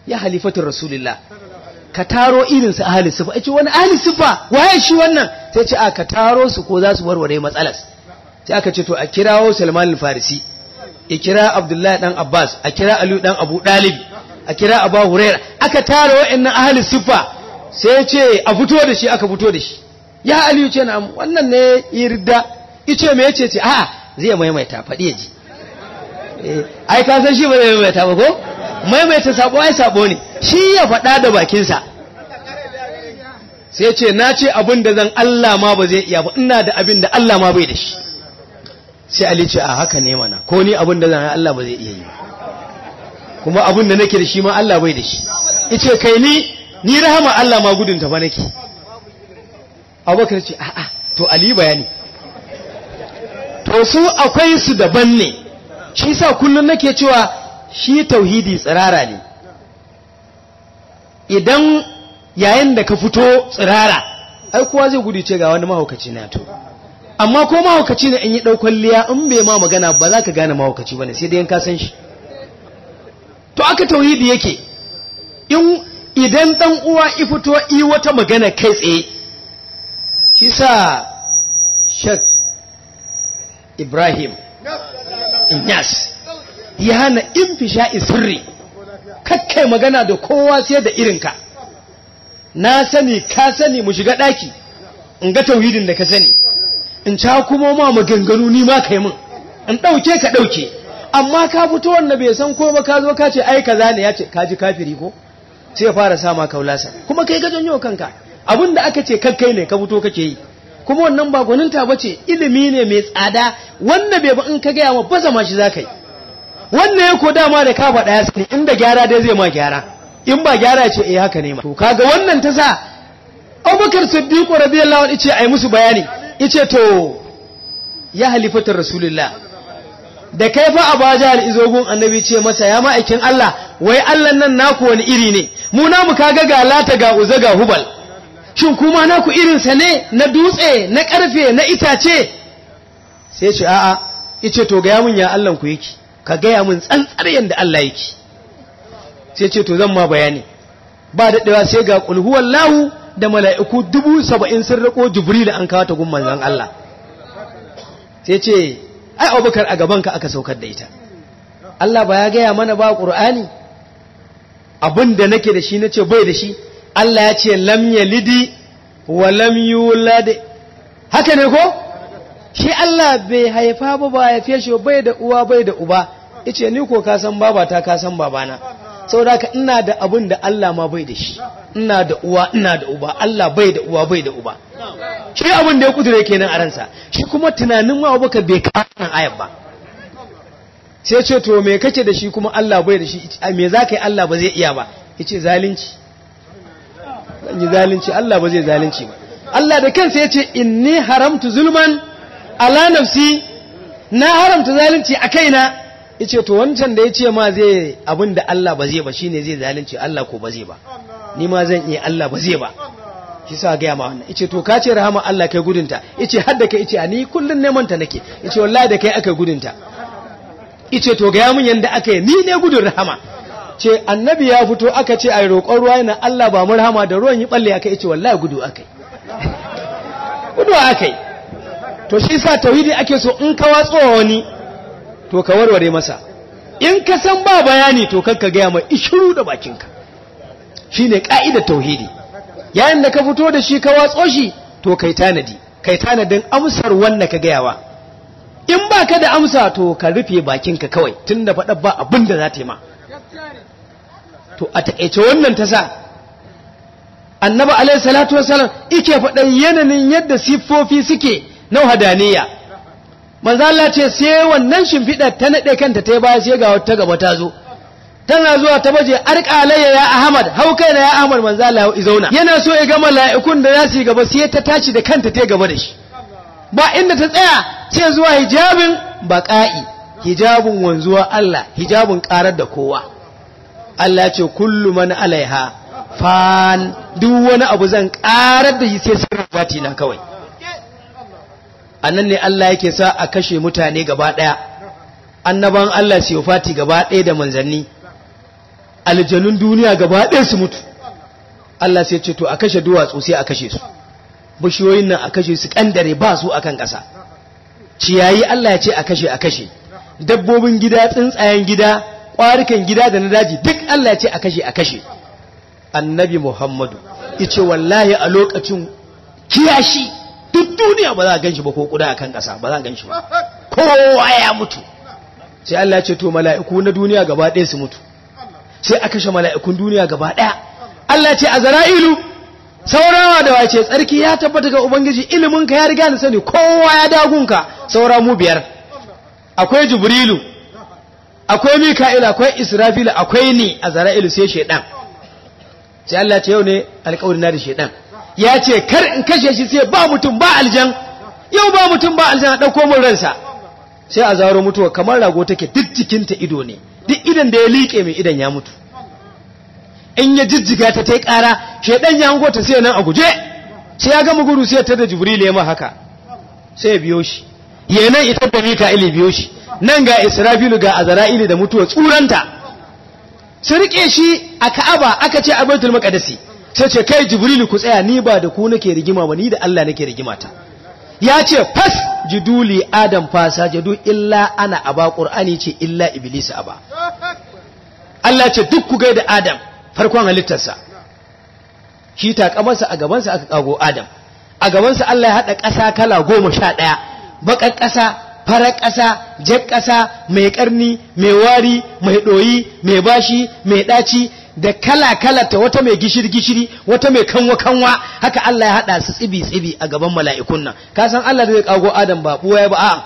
ya halifatun rasulullah ka taro irinsu ahali sufa ce wani ahali sufa waye shi wannan sai ce a ka taro su ko za su warware matsalas sai aka ce to a wa salman al-farisi a kira abdullahi dan abbas a kira aliyu dan abu dalib a kira abu huraira aka taro wa'annan ahali sufa sai ce a fito da shi aka fito da shi ya aliyu ce na wannan ne irda ice me yace ce a'a zai maimaita faɗi ya ji eh, ai ka san shi ba zai maimaita ba ko maimaita sabo ai sabo ne shi ya faɗa da bakinsa sai ce na ce abin da zan Allah ma ba zai iya ba ina da abin da Allah ma bai da shi sai Ali ce a haka ne mana ko ni abin da zan Allah ba zai iya yi kuma abin da nake da shi ma Allah bai da shi ice kai ni ni rahama Allah ma gudun ta ba nake abubakar ce a'a to ali bayani to su akwai su daban ne shi sa kullum nake cewa shi tauhidi tsirara ne idan yayin da ka fito tsirara ai kowa zai gudu ce ga wani mahaukaci na to amma ko mahaukaci ne in yi daukar liya in bai ma magana ba za ka gane mahaukaci ba ne sai dai in ka san shi to aka tauhidi yake in idan ɗan uwa ifito i wata magana kai tsaye Isa sa shek ibrahim inyas ya hana infisha isirri kakkai magana da kowa sai da irinka na sani ka sani mu shiga daki. in ga tauhidin da ka sani in ca kuma ma maganganu ni ma kai mun in ɗauke ka ɗauke amma ka fito wanda bai san ko ba ka zo ka ce ai kaza ne ya ce ka kafiri ko sai ya fara sama kaulasa kuma kai ka janyo kanka abin da aka ce kakkai ne ka fito kake yi kuma wannan ba gwaninta ba ce ilimi ne mai tsada wannan bai ba in ka gaya ma ba zama shi za ka yi wannan ya ko dama da ka faɗa yasa inda gyara dai zai ma gyara in ba gyara ce eh haka ne ma to kaga wannan ta sa abubakar siddiq radiyallahu anhu ce ai musu bayani yace to ya halifatar rasulullah da kai fa abu jahal izogun annabi ce masa ya ma'aikin Allah wai Allah nan naku wani iri ne mu namu kaga ga lata ga uza ga hubal shin kuma naku irinsa ne na dutse na karfe na itace sai ce a'a yace to gaya mun ya Allah ku yake ka gaya mun tsantsar yanda Allah yake sai ce to zan ma bayani ba daɗewa sai ga qul huwallahu da mala'iku dubu saba'in sun riko jibril an kawo ta gumman zan Allah sai ce ai abubakar a gabanka aka saukar da ita Allah ba ya gaya mana ba ƙur'ani abin da nake da shi na ce bai da shi Allah ya ce lam yalidi wa lam yulad haka ne ko shi Allah bai haifa ba ba haife shi bai da uwa bai da uba yace ni ko ka san babata ka san babana saboda ka ina da abin da Allah ma bai da shi ina da uwa ina da uba Allah bai da uwa bai da uba shi abin da ya kudure kenan a ransa shi kuma tunanin ma baka bai kana ayat ba sai ce to me kace da shi kuma Allah bai da shi me ka yi Allah ba zai iya ba yace zalunci Zan yi zalunci Allah ba zai zalunci ba Allah da kansa ya ce inni haramtu zulman ala nafsi na haramta zalunci a kaina ya ce to wancan da ya ce ma zai abin da Allah ba zai ba shine zai zalunci Allah ko ba zai ba ni ma zan iya Allah ba zai ba shi sa gaya ma wannan ce to ka ce rahama Allah kai gudunta ce har da kai a ni kullum neman ta nake ce wallahi da kai aka gudunta ce to gaya mun yadda aka yi ni ne gudun rahama ce annabi ya fito aka ce a yi roƙon ruwa yana Allah ba murhama da ruwan yi balle aka yi ce wallahi gudu akai gudu akai to shi sa tauhidi ake so in ka watsowa wani to ka warware masa in ka san ba bayani to kanka gaya mai ishiru da bakinka Shi ne ka'idar tauhidi yayin da ka fito da shi ka watso shi to kai tanadi kai tanadin amsar wannan ka gayawa in ba da amsa to ka rufe bakinka kawai tun faɗa ba abin da yi ma to a taƙaice wannan ta sa annabi alaihi salatu wasalam yake faɗan yananin yadda siffofi suke na hadaniya manzo Allah ce sai wannan shimfiɗa ta naɗe kanta ta baya sai ga wata gaba ta zo tana zuwa ta baje arqalayya ya ahmad hau na ya ahmad manzo Allah ya zauna yana so ya gama mala'ikun da za yi gaba sai ta tashi da kanta ta gaba da shi ba inda ta tsaya sai zuwa hijabin baƙa'i hijabin wanzuwa Allah hijabin ƙarar da kowa Allah ce kullu man alaiha fan duk wani abu zan karar da sai sirrin zati na kawai annan ne Allah yake sa a kashe mutane gaba daya annaban Allah su wafati gaba daya da manzanni aljanun duniya gaba daya su mutu Allah sai ce to a kashe duwatsu sai a kashe su bishiyoyin nan a kashe su kandare ba su akan kasa ciyayi Allah ya ce a kashe a kashe dabbobin gida tsuntsayen gida Kwarikan gida da na daji duk Allah ya ce a kashe a kashe annabi muhammadu ce wallahi a lokacin kiyashi duk duniya ba za a ganshi ba ko kuda kan kasa ba za a ganshi ba kowa ya mutu sai Allah ya ce to mala'iku na duniya gaba ɗaya su mutu sai a kashe mala'ikun duniya gaba ɗaya Allah ya ce a zara'ilu saurawa da wace tsarki ya tabbata ga ubangiji ilimin ka ya riga ni sani kowa ya dagunka saura mu biyar akwai jibrilu akwai mika'il akwai israfila akwai ni a zara'ilu sai shaidan sai Allah ce yau ne alƙawarin na da shaidan ya ce kar in kashe shi sai ba mutum ba aljan yau ba mutum ba aljan a ɗauko min ransa sai a zaro mutuwa kamar rago take duk jikinta ido ne duk idan da ya liƙe mai idan ya mutu in ya jijjiga ta ta yi ƙara shaidan ya hango ta sai nan a guje sai ya gama gudu sai ta da jibril ya ma haka sai ya biyo shi yanan ita da mika'il ya biyo shi nan ga israfilu ga azra'ili da mutuwa tsuranta su rike shi a ka'aba aka ce a baitul makadasi sai ce kai jibrilu ku tsaya ni ba da ku nake rigima ba ni da Allah nake rigima ta ya ce fas jiduli adam fasa jadu illa ana aba qur'ani ce illa iblis aba Allah ce duk ku gaida adam farkon halittarsa shi takamarsa a gabansa aka kago adam a gabansa Allah ya haɗa ƙasa kala goma sha ɗaya baƙar ƙasa farar ƙasa jar ƙasa mai ƙarni mai wari mai ɗoyi mai bashi mai ɗaci da kala kala ta wata mai gishiri-gishiri wata mai kanwa-kanwa haka Allah ya haɗa su tsibi-tsibi a gaban mala'ikun nan ka san Allah zai kago Adam ba ya ba a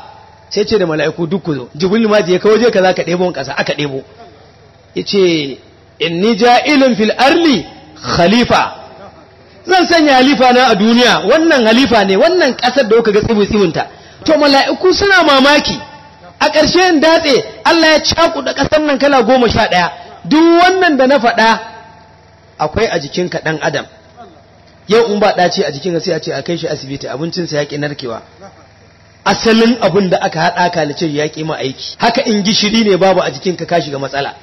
sai ce da mala'iku duk zo ma je kaza ka ɗebo ƙasa aka ɗebo yace inni ilin fil arli khalifa zan sanya halifa na a duniya wannan halifa ne wannan ƙasar da kuka ga tsibi-tsibinta to mala'iku suna mamaki a ƙarshen datse Allah ya cakuɗa ƙasar nan kala goma sha ɗaya duk wannan da na faɗa akwai a jikinka ɗan adam yau in ba ɗace a jikinka sai a ce a kai shi asibiti abincinsa ya ƙi narkewa asalin abin da aka haɗa ka ce ya ƙi ma aiki haka in gishiri ne babu a jikinka ka shiga matsala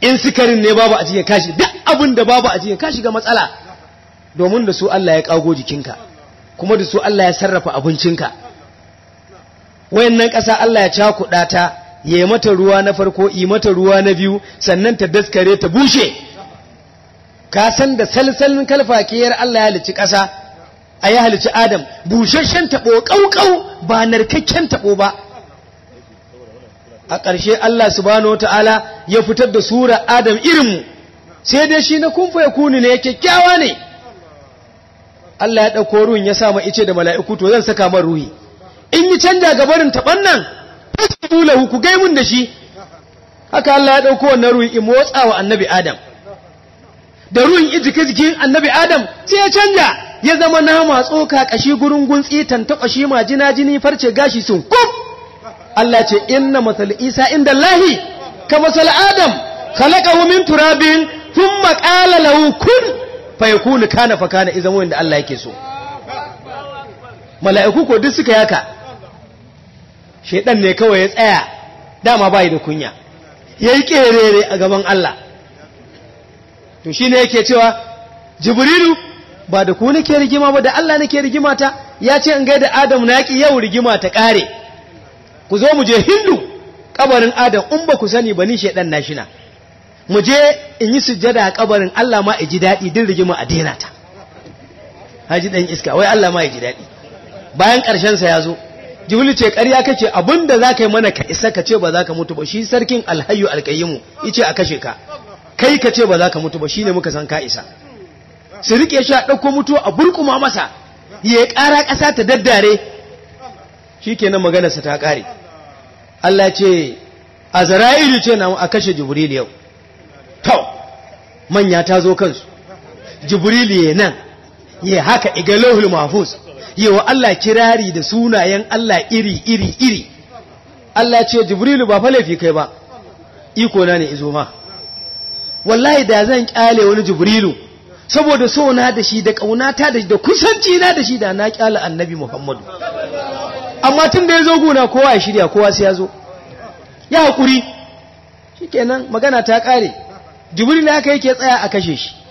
in sikarin ne babu a jikinka ka shiga duk abin da babu a jikinka ka shiga matsala domin da su Allah ya ƙago jikinka kuma da su Allah ya sarrafa abincinka wayannan ƙasa Allah ya cakuɗa ta ya yi mata ruwa na farko yi mata ruwa na biyu sannan ta daskare ta bushe ka san da salsalin kalfakiyar Allah ya halici ƙasa a ya halici Adam bushashen taɓo ƙauƙau ba narkakken taɓo ba a ƙarshe Allah subhanahu ta'ala ya fitar da sura Adam irinmu sai dai shi na kunfa ya kuni ne ya kyakkyawa ne Allah ya ɗauko ruhin ya sa ma ice da mala'iku to zan saka man ruhi in yi canja ga barin taɓan nan fasibu lahu ku gaimun da shi haka Allah ya ɗauko wannan ruhin in motsa wa annabi Adam da ruhin ijiki jikin annabi Adam sai ya canja ya zama nama tsoka kashi gurin guntsi tanta ma majina jini farce gashi sun kuf Allah ce inna masal Isa inda lahi ka masal Adam khalaqahu min turabin thumma qala lahu kun fayakunu kana fakana idan wanda Allah yake so mala'iku ko duk suka yaka shaidan ne kawai ya tsaya dama bai da kunya yi kerere a gaban Allah to shine yake cewa jibrilu ba da ku nake rigima ba da Allah nake rigima ta ya ce in gaida Adamu na yaki yau rigima ta kare ku zo mu je Hindu kabarin Adam in ba ku sani ba ni shaidan na shina mu je in yi sujjada a kabarin Allah ma ya ji daɗi din rigima a daina ta haji dan iska wai Allah ma ya ji daɗi bayan ƙarshen sa ya zo jibril ce ƙarya kake da za ka yi mana ka isa ka ce ba za ka mutu ba shi sarkin alhayu alƙayyimu ice a kashe ka kai ka ce ba za ka mutu ba shi ne muka san ka isa su rike shi a ɗauko mutuwa a burkuma masa ya ƙara ƙasa ta daddare Shi ke nan maganarsa ta ƙare Allah ce a zara'ilu ce na a kashe jibril yau to manya ta zo kansu jibril ya nan ya haka igalohul mahfuz wa Allah kirari da sunayen Allah iri iri iri Allah ce jibrilu ba fa laifi kai ba iko na ne izo ma wallahi da zan kyale wani jibrilu saboda so na da shi da kaunata da da kusanci na da shi da na kyale annabi muhammadu amma tun da ya zo gona kowa ya shirya kowa sai ya zo ya hakuri shikenan magana ta kare jibrilu aka yake tsaya a kashe shi